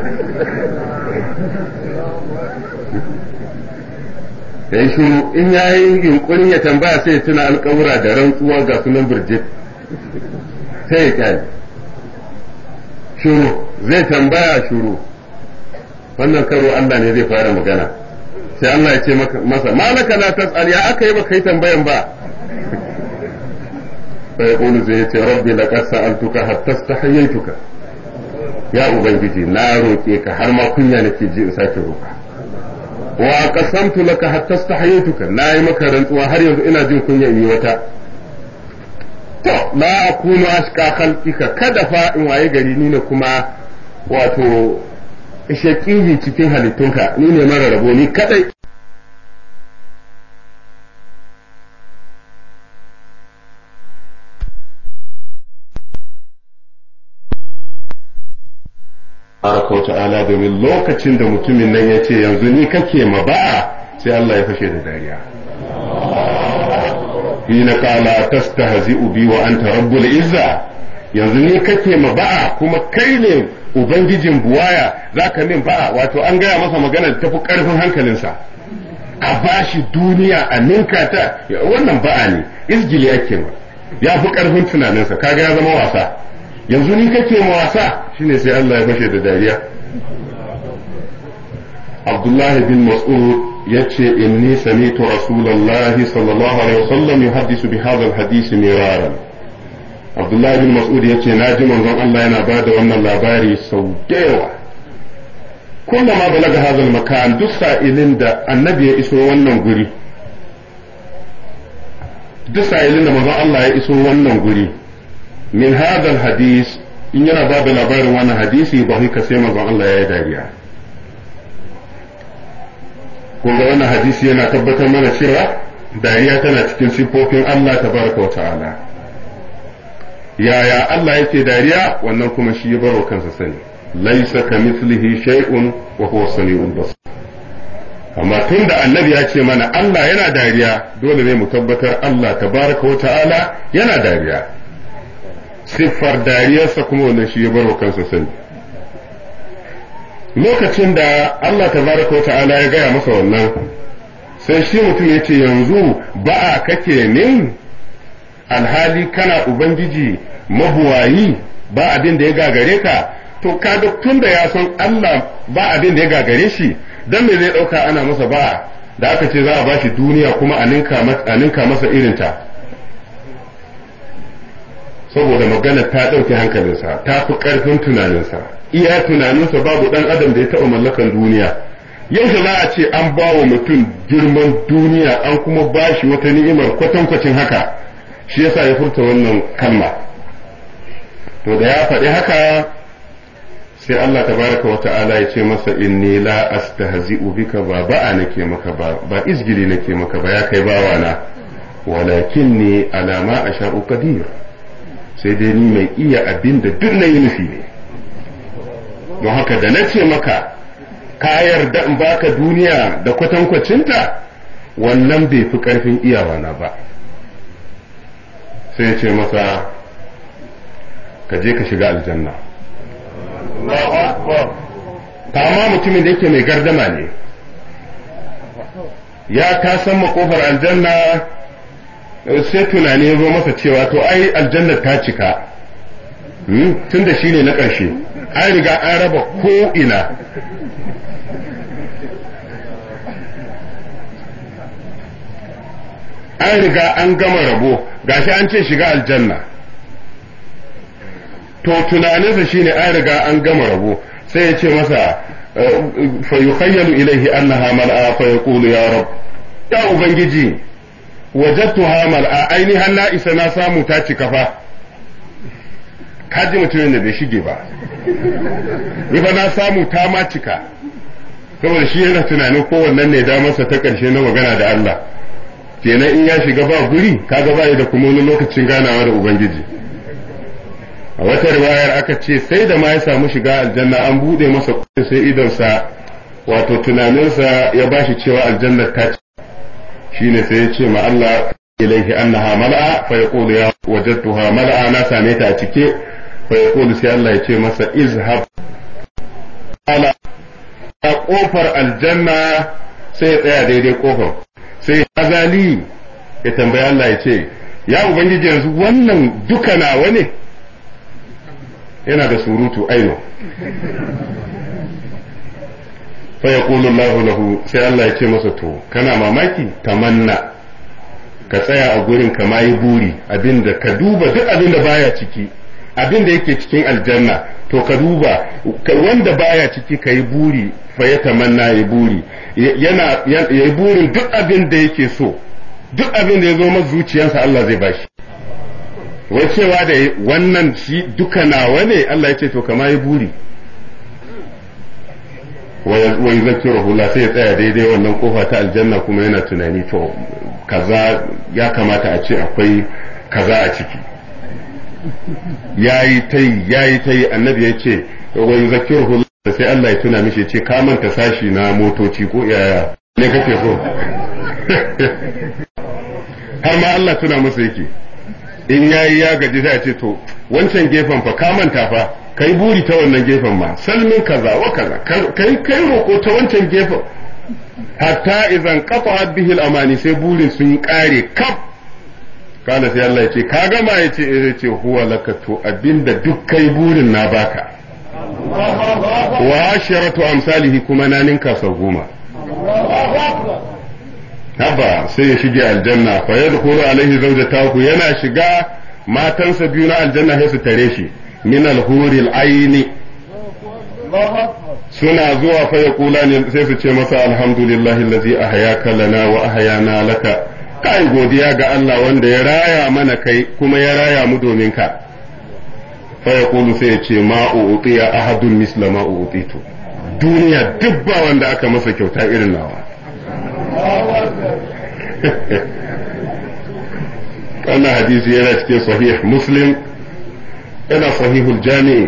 ya yi shiru in ya yi yunkurin ya tambaya sai ya tuna alkawura da rantsuwa ga sunan birjit sai ya kyale shiru zai tambaya shiru wannan karo Allah ne zai fara magana sai Allah ya ce masa malaka na tas'al ya aka yi baka yi tambayan ba fa yaqulu zai ce rabbi laqad sa'altuka hatta istahayyituka ya ubangiji na roke ka har ma kunya nake ji in sake roka wa qasamtu laka hatta istahayyituka nayi maka rantsuwa har yanzu ina jin kunya in yi wata to la akunu ashqa khalqika kada fa in waye gari ni ne kuma wato shaqiyi cikin halittunka ni ne mara ni kadai ta'ala domin lokacin da mutumin nan ya ce yanzu ni kake ma ba'a sai Allah ya fashe da dariya hina kala tastahzi'u bi wa anta rabbul izza yanzu ni kake ma ba'a kuma kai ne ubangijin buwaya zaka min ba'a wato an gaya masa magana ta fi karfin hankalinsa a bashi duniya a ninka ta wannan ba'a ne izgili ake ma ya fi karfin tunaninsa kaga ya zama wasa yanzu ni kake wasa shine sai Allah ya bashe da dariya Abdullahi bin Mas'ud yace inni sami'tu Rasulullah sallallahu alaihi wasallam yuhaddisu bi hadha al-hadith miraran Abdullahi bin Mas'ud yace naji manzon Allah yana bada wannan labari sau da yawa kullama balaga hadha al duk sa'ilin da annabi ya iso wannan guri duk sa'ilin da manzon Allah ya iso wannan guri min hadal hadis in yana ba da labarin wannan hadisi ba ka sai manzon Allah ya yi dariya kun ga wannan hadisi yana tabbatar mana cewa dariya tana cikin siffofin Allah tabaraka wa ta'ala yaya Allah yake dariya wannan kuma shi ya baro kansa sani laisa ka mislihi shay'un wa huwa samiul basir amma tun da annabi ya ce mana Allah yana dariya dole ne mu tabbatar Allah tabaraka wa ta'ala yana dariya siffar dariyarsa kuma wannan shi ya bar wa kansa sani lokacin da Allah tabaraka wa ta'ala ya gaya masa wannan sai shi mutum ya ce yanzu ba'a kake nin. alhali kana ubangiji mabuwayi ba abin da ya gagare ka to ka tun da ya san Allah ba abin da ya gagare shi dan me zai dauka ana masa ba da aka ce za a bashi duniya kuma a ninka masa irinta saboda magana ta ɗauke hankalinsa ta fi ƙarfin tunaninsa iya tunaninsa babu ɗan adam da ya taɓa mallakan duniya yaushe za a ce an ba wa mutum girman duniya an kuma ba shi wata ni'imar kwatankwacin haka shi yasa ya furta wannan kalma to da ya faɗi haka sai Allah ta baraka wa ta'ala ya ce masa inni la astahzi'u bika ba ba'a nake maka ba ba izgili nake maka ba ya kai bawana walakinni ala ma asha'u qadir sai dai ni mai iya abin da duk na yi nufi ne don haka da na ce maka ka yarda in baka duniya da kwatankwacinta wannan bai fi ƙarfin iyawana ba sai ya ce masa ka je ka shiga aljanna kama mutumin da yake mai gardama ne ya kasan makofar aljanna sai tunani ya zo masa cewa to ai aljanna ta cika hmm? tun da shi ne na ƙarshe an riga an raba ko'ina an riga an gama rabo gashi an ce shiga aljanna to tunaninsa shi ne an riga an gama rabo sai ya ce masa fa ilaihi annaha mal'a fa yaqulu ya rab ya ubangiji wajattu hamal a ainihin na isa na samu ta cika fa kaji mutumin da bai shige ba ni na samu ta ma cika saboda shi yana tunanin wannan ne damarsa ta ƙarshe na magana da Allah kenan in ya shiga ba guri kaga ba da kuma wani lokacin ganawa da ubangiji a wata riwayar aka ce sai da ma ya samu shiga aljanna an bude masa kudin sai idonsa wato tunaninsa ya bashi cewa aljannar ta shine sai ya ce ma Allah ilaihi annaha mal'a fa yaqulu ya wajadtuha mal'a na same ta a cike fa yaqulu sai Allah ya ce masa izhab ala a kofar aljanna sai ya tsaya daidai kofar sai azali ya tambaya Allah ya ce ya ubangiji yanzu wannan duka nawa ne yana da surutu aino fa yaqulu Allahu lahu sai Allah ya ce masa to kana mamaki tamanna ka tsaya a gurin ka ma yi buri abinda ka duba duk abinda baya ciki abinda yake cikin aljanna to ka duba wanda baya ciki ka yi buri fa ya tamanna ya buri ya yi burin duk abinda yake so duk abinda ya zo masa zuciyarsa Allah zai bashi wai cewa da wannan shi duka nawa ne Allah ya ce to ka ma yi buri wai zakiru hula sai ya tsaya daidai wannan kofa ta aljanna kuma yana tunani to kaza ya kamata a ce akwai kaza a ciki yayi tai yayi tai annabi ya ce wai zakiru hula sai Allah ya tuna mishi ya ce ka manta sashi na motoci ko yaya ne kake so har ma Allah tuna masa yake in yayi ya gaji sai a ce to wancan gefen fa ka manta fa kai buri ta wannan gefen ma salmin kaza wa kaza kai kai roko ta wancan gefen hatta idan kafa bihi al-amani sai burin sun kare kaf kana sai Allah yace ka gama yace eh, yace huwa lakatu abinda duk kai burin na baka wa asharatu amsalihi kuma na ninka sau goma haba sai ya shige aljanna fa yadkhulu alaihi zawjatahu yana shiga matansa biyu na aljanna sai su tare shi min alhuril aini suna zuwa fa yaqula ne sai su ce masa alhamdulillahi allazi ahyaka lana wa ahyana laka kai godiya ga Allah wanda ya raya mana kai kuma ya raya mu domin ka fa yaqulu sai ya ce ma u'tiya ahadun misla ma u'titu duniya duk ba wanda aka masa kyauta irin nawa wannan hadisi yana cikin sahih muslim yana sahihul jami'i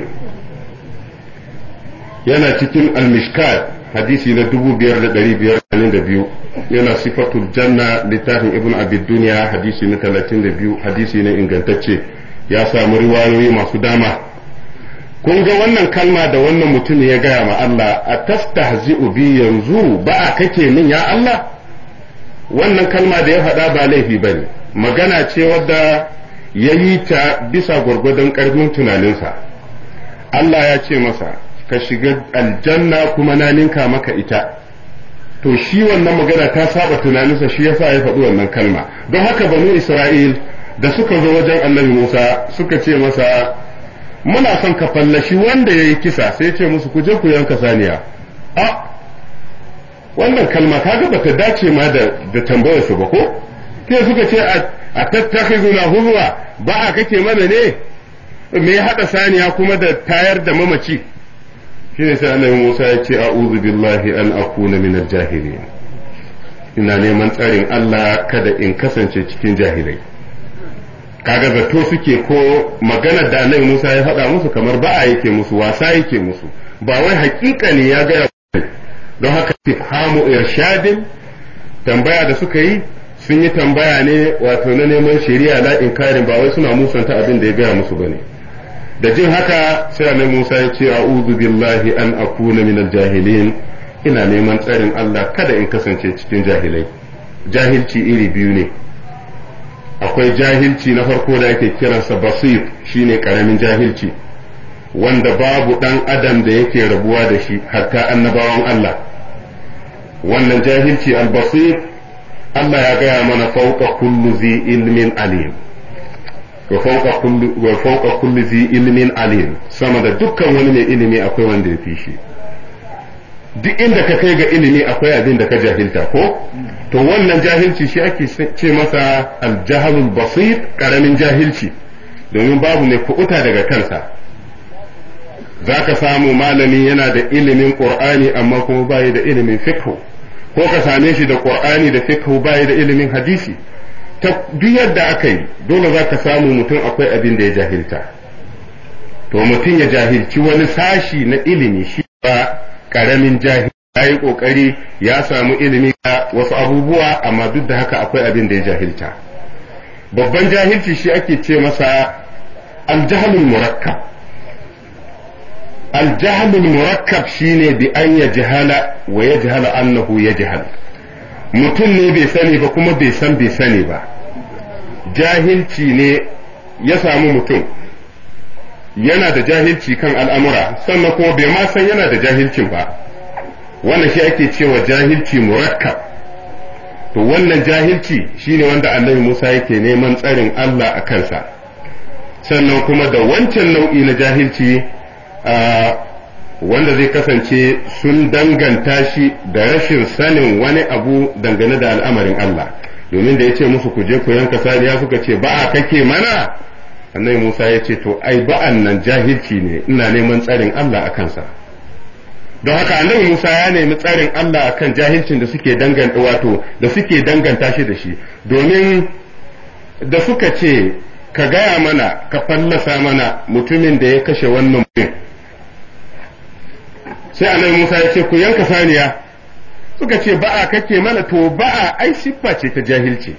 yana cikin al-mishkat hadisi na biyu yana sifatul janna littafin ibn abid duniya hadisi na 32 hadisi na ingantacce ya samu riwayoyi masu dama kun ga wannan kalma da wannan mutum ya gaya ma Allah a tastahzi'u bi yanzu ba a kake min ya Allah wannan kalma da ya faɗa ba laifi bane magana ce wadda ya yi ta bisa gwargwadon ƙarfin tunaninsa Allah ya ce masa ka shiga aljanna kuma na ninka maka ita to shi wannan magana ta saba tunaninsa shi yasa ya faɗi wannan kalma don haka banu Isra'il da suka zo wajen annabi Musa suka ce masa muna son ka fallashi wanda ya yi kisa sai ce musu ku je ku yanka saniya a wannan kalma kaga bata dace ma da tambayarsu ba ko sai suka ce a a tattakin huzwa ba a kake mana ne me haɗa saniya kuma da tayar da mamaci ne sai annabi Musa ya ce a'udhu billahi an akuna min al-jahilin ina neman tsarin Allah kada in kasance cikin jahilai kaga zato suke ko maganar da annabi Musa ya faɗa musu kamar ba a yake musu wasa yake musu ba wai haƙiƙa ne ya gaya don haka istifhamu irshadin tambaya da suka yi sun yi tambaya ne wato na neman shari'a la inkarin ba wai suna musanta abin da ya gaya musu bane da jin haka sai annabi Musa ya ce a'udhu billahi an akuna min jahilin ina neman tsarin Allah kada in kasance cikin jahilai jahilci iri biyu ne akwai jahilci na farko da ake kiransa basir shine karamin jahilci wanda babu dan adam da yake rabuwa da shi hatta annabawan Allah wannan jahilci al Allah ya gaya mana fauka kullu zi ilmin alim wa fauka kullu zi ilmin alim sama da dukkan wani mai ilimi akwai wanda ya fi shi duk inda ka kai ga ilimi akwai abin da ka jahilta ko to wannan jahilci shi ake ce masa aljahalul basir karamin jahilci domin babu ne kuɓuta daga kansa za ka samu malami yana da ilimin ƙur'ani amma kuma bayi da ilimin fiqh ko ka same shi da qur'ani da fiqh bai da ilimin hadisi ta duk yadda aka yi dole za ka samu mutum akwai abin da ya jahilta to mutum ya jahilci wani sashi na ilimi shi ba karamin jahil ya yi kokari ya samu ilimi ga wasu abubuwa amma duk da haka akwai abin da ya jahilta babban jahilci shi ake ce masa aljahalul murakkab الجهل المركب شيني بأن يجهل ويجهل أنه يجهل mutum ne bai sani ba kuma bai san bai sani ba jahilci ne ya samu mutum yana da jahilci kan al'amura sannan kuma bai ma san yana da jahilcin ba wannan shi ake cewa jahilci murakkab to wannan jahilci shine wanda annabi Musa yake neman tsarin Allah a kansa sannan kuma da wancan nau'i na jahilci wanda zai kasance sun danganta shi da rashin sanin wani abu dangane da al'amarin Allah domin da ya ce musu kuje je ku yanka saniya suka ce ba'a kake mana annabi Musa ya ce to ai ba'an nan jahilci ne ina neman tsarin Allah a kansa don haka annabi Musa ya nemi tsarin Allah akan jahilcin da suke danganta wato da suke danganta shi da shi domin da suka ce ka gaya mana ka fallasa mana mutumin da ya kashe wannan mutum sai annabi Musa ya ce ku yanka saniya suka ce ba'a kake mana to ba'a ai siffa ce ta jahilci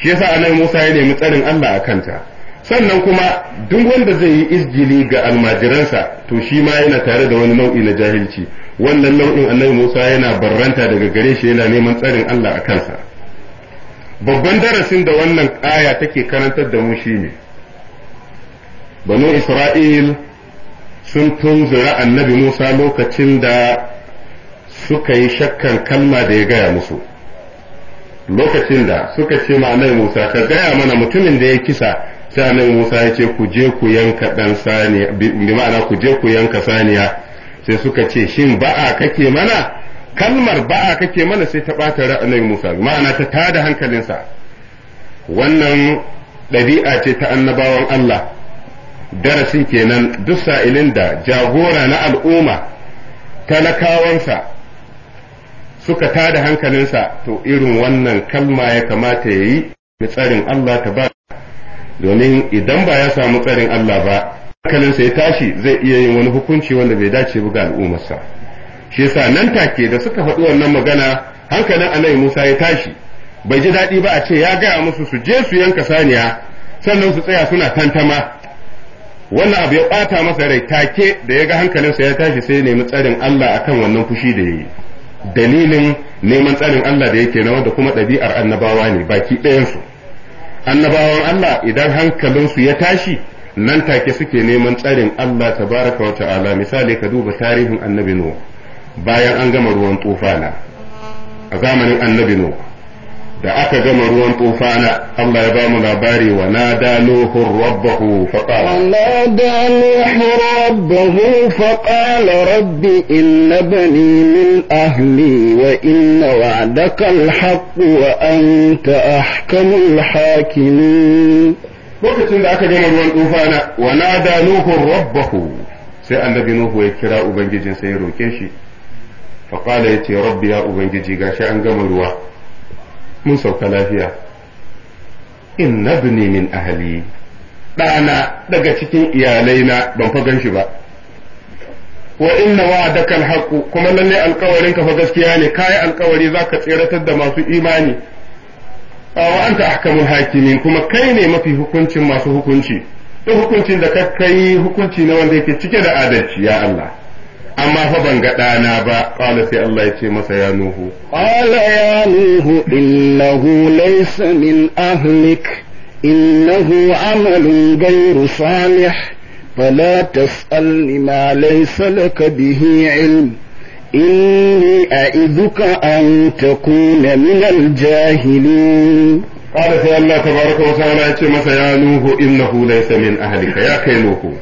shi yasa annabi Musa ya nemi tsarin Allah a kanta sannan kuma duk wanda zai yi izgili ga almajiransa to shi ma yana tare da wani nau'i na jahilci wannan nau'in annabi Musa yana barranta daga gare shi yana neman tsarin Allah a kansa babban darasin da wannan aya take karantar da mu shine banu Isra'il sun tunzura annabi Musa lokacin da suka yi shakkan kalma da ya gaya musu lokacin da suka ce ma annabi Musa ka gaya mana mutumin da ya kisa sai annabi Musa ya ce ku je ku yanka dan saniya bi ma'ana ku je ku yanka saniya sai suka ce shin ba'a kake mana kalmar ba'a kake mana sai ta ɓata ra'ayin annabi Musa ma'ana ta tada hankalinsa wannan ɗabi'a ce ta annabawan Allah Darasi kenan duk sa'ilin da jagora na al'umma talakawansa suka tada hankalinsa to irin wannan kalma ya kamata ya yi tsarin Allah ta ba domin idan ba ya samu tsarin Allah ba hankalinsa ya tashi zai iya yin wani hukunci wanda bai dace ba ga al'ummarsa shi yasa nan take da suka faɗi wannan magana hankalin annabi Musa ya tashi bai ji daɗi ba a ce ya gaya musu su je su yanka saniya sannan su tsaya suna tantama wannan abu ya ɓata masa rai take da ya ga hankalinsa ya tashi sai nemi tsarin Allah akan wannan fushi da ya yi dalilin neman tsarin Allah da yake na wanda kuma ɗabi'ar annabawa ne baki ɗayansu annabawan Allah idan hankalinsu ya tashi nan take suke neman tsarin Allah tabaraka wa ta'ala misali ka duba tarihin annabi Nuhu bayan an gama ruwan tufana a zamanin annabi Nuhu da aka gama ruwan na Allah ya ba mu labari wa nada nuhu rabbahu faqala nada nuhu rabbahu faqala rabbi inna bani min ahli wa inna wa'daka alhaq wa anta ahkamul hakimin lokacin da aka gama ruwan tufana wa nada nuhu rabbahu sai annabi nuhu ya kira ubangijinsa ya roke shi ya yace rabbi ya ubangiji gashi an gama ruwa mun sauka lafiya in nabni min ahali ɗana daga cikin iyalaina ban fa gan shi ba wa inna wa'adaka alhaqu kuma lalle alkawarin ka fa gaskiya ne kai alkawari zaka tseratar da masu imani wa anta ahkamul hakimin kuma kai ne mafi hukuncin masu hukunci duk hukuncin da ka kai hukunci na wanda yake cike da adalci ya Allah amma fa ban ga ɗana ba ƙwala sai Allah ya ce masa ya nuhu. ƙwala ya nuhu innahu laysa min ahlik innahu amalun gairu salih fala tas'alni ma laysa laka bihi ilm inni a'idhuka an takuna min al-jahilin ƙwala sai Allah tabaraka wa ta'ala ya ce masa ya nuhu innahu laysa min ahlik ya kai nuhu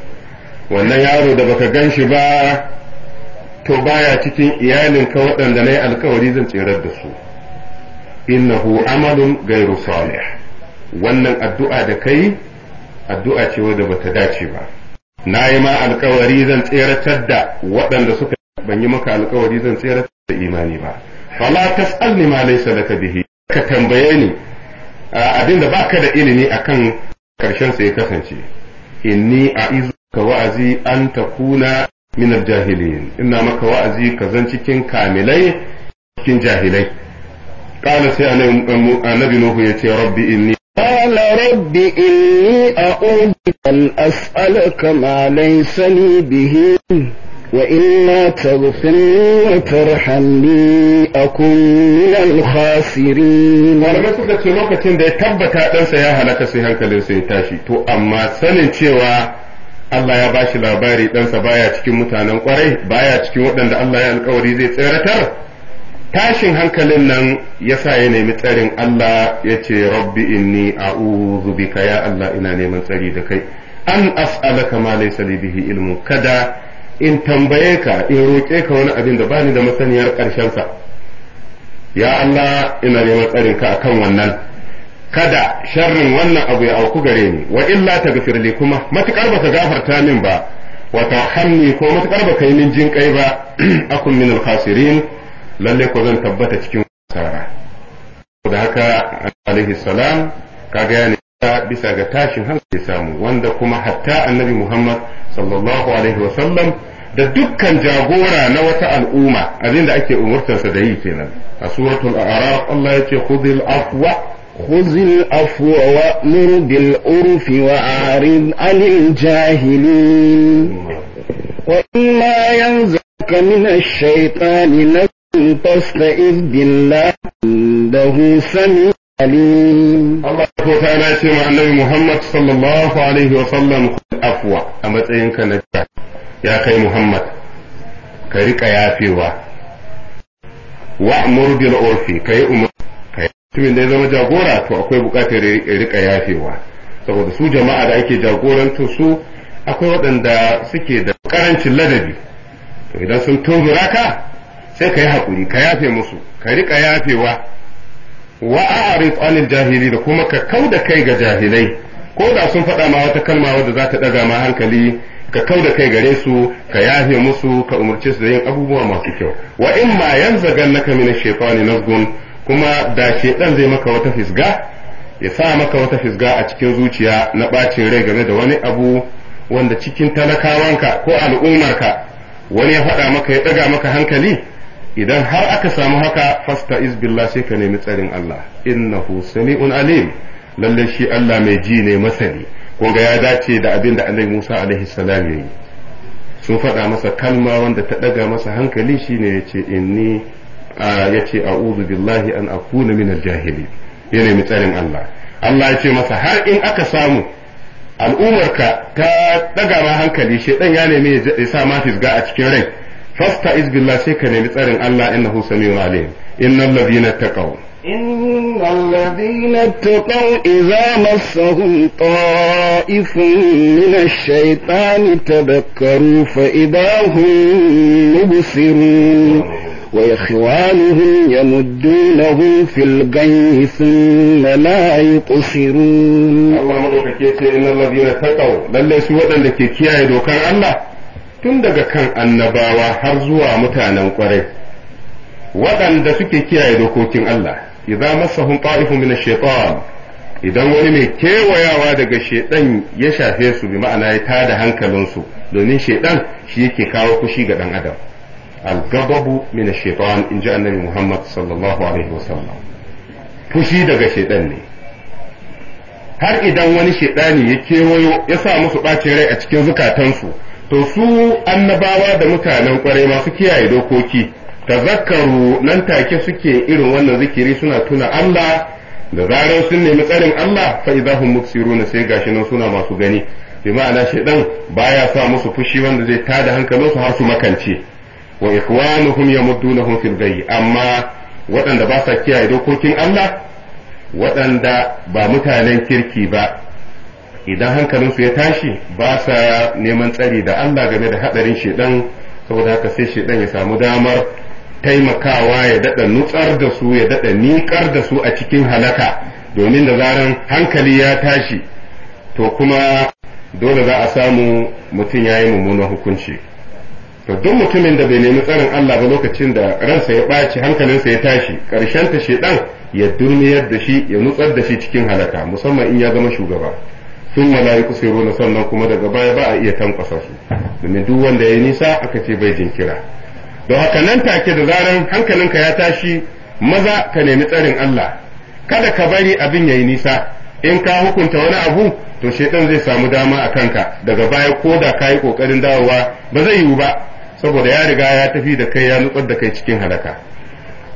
wannan yaro da baka gan shi ba to baya cikin iyalinka waɗanda na yi alkawari zan tsirar da su innahu amalun gairu salih wannan addu'a da kai addu'a ce wadda bata dace ba na yi ma alkawari zan tseratar da waɗanda suka ban yi maka alkawari zan tseratar da imani ba fala tas'alni ma laysa laka bihi ka tambaye ni abinda baka da ilimi akan karshen sa ya kasance inni a'izuka wa'azi an takuna min al-jahilin ina maka wa'azi ka zan cikin kamilai cikin jahilai qala sai annabi nuhu yace rabbi inni qala rabbi inni a an asala ma sani li bihi وإما تغفرني وترحمني أكن من الخاسرين malamai suka ce lokacin da ya tabbata ɗansa ya halaka sai hankalin sai tashi to amma sanin cewa Allah ya bashi labari ɗansa baya cikin mutanen kwarai baya cikin waɗanda Allah ya alƙawari zai tseratar tashin hankalin nan ya sa ya nemi tsarin Allah ya ce rabbi inni a'udhu bika ya Allah ina neman tsari da kai an as'alaka ma laisa li bihi ilmu kada in tambaye ka in roƙe ka wani abin da bani da masaniyar ƙarshen sa ya Allah ina neman tsarin ka akan wannan kada sharrin wannan abu ya auku gare ni wa illa taghfir li kuma matukar baka gafarta min ba wa tarhamni ko matukar baka yi min jin kai ba akun min al lalle ko zan tabbata cikin asara da haka alaihi salam ni ya bisa ga tashin hankali samu wanda kuma hatta annabi Muhammad sallallahu alaihi wa sallam da dukkan jagora na wata al'umma abin da ake umurtarsa da yi kenan a suratul a'raf Allah ya ce khudhil afwa خذ الأفوع وأمر بالأرف وأعرض عن الجاهلين وإما ينزعك من الشيطان لكن تستئذ بالله عنده سميع Allah ya kuka na ce ma annabi Muhammad sallallahu alaihi wa sallam afwa a matsayin ka na ja ya kai Muhammad ka rika yafewa wa amuru bil urfi kai umar mutumin da ya zama jagora to akwai bukatar ya rika yafewa saboda su jama'a da ake jagorantar su akwai waɗanda suke da karancin ladabi to idan sun tunzura ka sai ka yi haƙuri ka yafe musu ka rika yafewa wa a'rid anil jahili da kuma ka kau da kai ga jahilai ko da sun faɗa ma wata kalma wadda za ta ɗaga ma hankali ka kau da kai gare su ka yafe musu ka umarce su da yin abubuwa masu kyau wa in ma yanzagan naka min ash na nazgun kuma da shedan zai maka wata fisga ya sa maka wata fisga a cikin zuciya na bacin rai game da wani abu wanda cikin talakawanka ko al'ummarka wani ya faɗa maka ya ɗaga maka hankali idan har aka samu haka fasta izbillah sai ka nemi tsarin Allah innahu sami'un alim lalle shi Allah mai ji ne masani kun ya dace da abin da Annabi Musa alaihi salam yi sun faɗa masa kalma wanda ta ɗaga masa hankali shine yace inni ya ce a'udhu billahi an akuna min aljahili jahili ya tsarin Allah Allah ya ce masa har in aka samu ka ta daga ma hankali shedan ya nemi ya sa ma fisga a cikin rai fasta iz billah sai ka nemi tsarin Allah innahu samiun alim innal ladina taqaw ladina taqaw idza إذا ta'ifun min ash الشيطان تذكروا fa هم مبصرون وإخوانهم يمدونهم في الغي ثم لا يقصرون الله مدوكاكي إن الذين اتقوا للي سوى لكي كيا يدوكان الله tun daga kan annabawa har zuwa mutanen kwarai waɗanda suke kiyaye dokokin Allah idza massahum ta'ifun min ash-shaytan idan wani mai kewayawa daga shedan ya shafe su bi ma'ana ya tada hankalinsu domin shedan shi yake kawo fushi ga ɗan adam الغضب من الشيطان ash جاء النبي محمد annabi الله sallallahu alaihi فشي fushi daga shaytan ne har idan wani ne ya kewayo ya sa musu bacin rai a cikin zukatansu to su annabawa da mutanen kwarai masu kiyaye dokoki Ta tazakkaru nan take suke irin wannan zikiri suna tuna Allah da zarar sun nemi tsarin Allah fa idahum muksiruna sai gashi nan suna masu gani bi ma'ana shedan baya sa musu fushi wanda zai tada hankalinsu har su makance wa ikwanuhum yamuddunahum fil ghayyi amma waɗanda ba sa kiyaye dokokin Allah waɗanda ba mutanen kirki ba idan hankalinsu ya tashi ba sa neman tsari da Allah game da haɗarin shedan saboda haka sai shedan ya samu damar taimakawa ya daɗa nutsar da su ya daɗa niƙar da su a cikin halaka domin da zaran hankali ya tashi to kuma dole za a samu mutum ya yi mummunan hukunci to duk mutumin da bai nemi tsarin Allah ba lokacin da ransa ya ɓaci hankalinsa ya tashi ƙarshen ta shedan ya durniyar da shi ya nutsar da shi cikin halaka musamman in ya zama shugaba sun mala'iku sai na sannan kuma daga baya ba a iya tankwasa su domin duk wanda ya nisa aka ce bai jinkira don haka nan take da zaran hankalinka ya tashi maza ka nemi tsarin Allah kada ka bari abin ya yi nisa in ka hukunta wani abu to shedan zai samu dama a kanka daga baya ko da kayi kokarin dawowa ba zai yiwu ba saboda ya riga ya tafi da kai ya nutsar da kai cikin halaka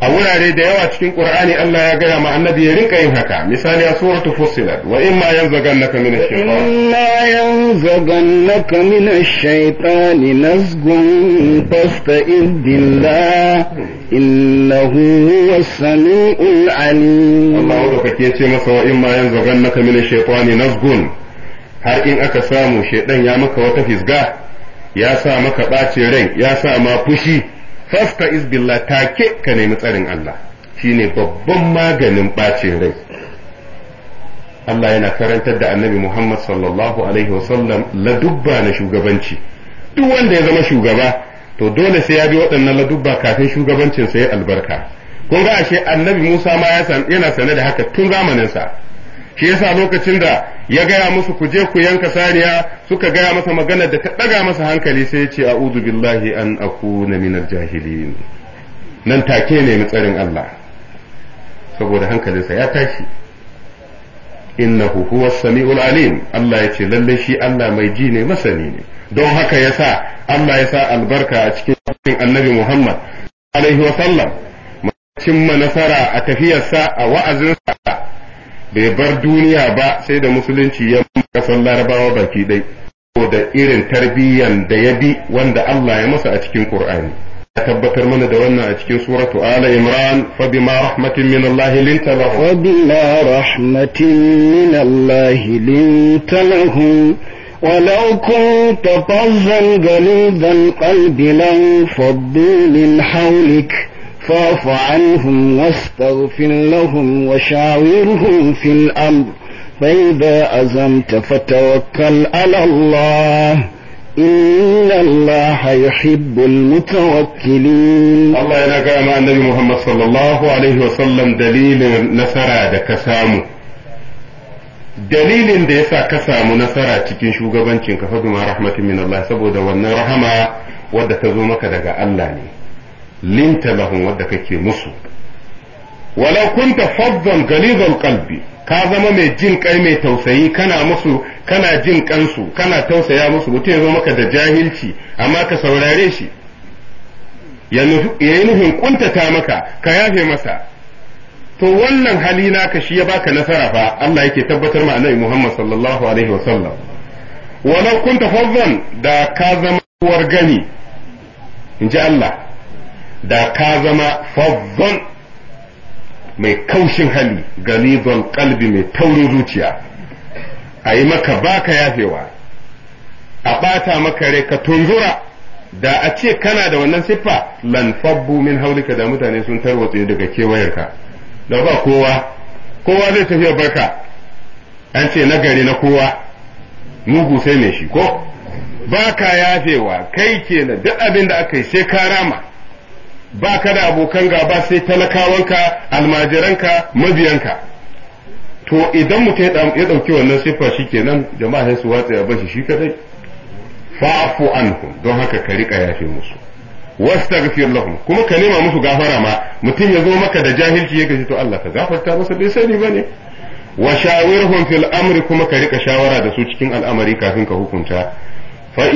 a wurare da yawa cikin qur'ani Allah ya gaya ma annabi ya rinka yin haka misali a suratu fussilat wa in yanzaghannaka min ash-shaytan min ash-shaytani nazgun fasta'in billah innahu huwas samiul alim Allah ya ce masa wa in ma yanzaghannaka min ash-shaytani nazgun har in aka samu shaytan ya maka wata fisga ya sa maka ɓacin rai ya sa ma fushi fasta izbillah take ka nemi tsarin Allah shine babban maganin ɓacin rai Allah yana karantar da annabi Muhammad sallallahu alaihi wasallam ladubba na shugabanci duk wanda ya zama shugaba to dole sai ya bi waɗannan ladubba kafin shugabancinsa ya albarka kun ga ashe annabi Musa ma yana sane da haka tun zamaninsa shi yasa lokacin da ya gaya musu ku je ku yanka saniya suka gaya masa magana da ta ɗaga masa hankali sai ya ce a'udhu billahi an akuna minal jahilin nan take ne tsarin Allah saboda hankalinsa ya tashi innahu huwa samiul alim Allah ya ce lalle shi Allah mai ji ne masani ne don haka yasa Allah ya sa albarka a cikin annabi Muhammad alaihi wa sallam cimma nasara a tafiyarsa a wa'azinsa bai bar duniya ba sai da musulunci ya kasan larabawa baki ɗai da irin tarbiyyan da ya bi wanda Allah ya masa a cikin Qur'ani ya tabbatar mana da wannan a cikin suratu ala imran fa bima rahmatin min Allah linta lahum wa bima rahmatin min Allah linta lahum ولو كنت فظا غليظ القلب لانفضوا من حولك فاعف عنهم واستغفر لهم وشاورهم في الأمر فإذا أزمت فتوكل على الله إن الله يحب المتوكلين الله ينقى يعني مع النبي محمد صلى الله عليه وسلم دليل نسرى دكسامه dalilin da yasa ka samu nasara cikin shugabancin ka fadu ma rahmatin min Allah saboda wannan rahama wadda ta zo maka daga Allah ne linta lahum wadda kake musu walau kunta faddan galizal qalbi ka zama mai jin kai mai tausayi kana musu kana jin kansu kana tausaya musu mutum ya zo maka da jahilci amma ka saurare shi ya yi nufin kuntata maka ka yafe masa to wannan hali naka shi ya baka nasara fa Allah yake tabbatar ma annabi Muhammad sallallahu alaihi wa sallam walau kunta faddan da ka zama uwar gani in ji Allah da ka zama fazzon mai kaushin hali galibon kalbi mai taurin zuciya a yi maka baka yafewa a ɓata maka rai ka tunzura da a ce kana da wannan siffa lan fabbu min haulika da mutane sun tarwatse daga kewayarka da ba kowa kowa zai tafiya barka an ce nagari na kowa mugu sai mai shi ko ba yafewa kai kenan duk abin da aka yi sai ka rama ba ka da abokan gaba sai talakawanka almajiranka mabiyanka to idan mutum ya ɗauki wannan siffa kenan jama'a sai su watsa ya bashi shi kadai fa'fu anhum don haka ka rika yafe musu wastaghfir lahum kuma ka nema musu gafara ma mutum ya zo maka da jahilci ya gaji to Allah ka gafarta masa bai sani bane wa shawirhum fil amri kuma ka rika shawara da su cikin al'amari kafin ka hukunta fa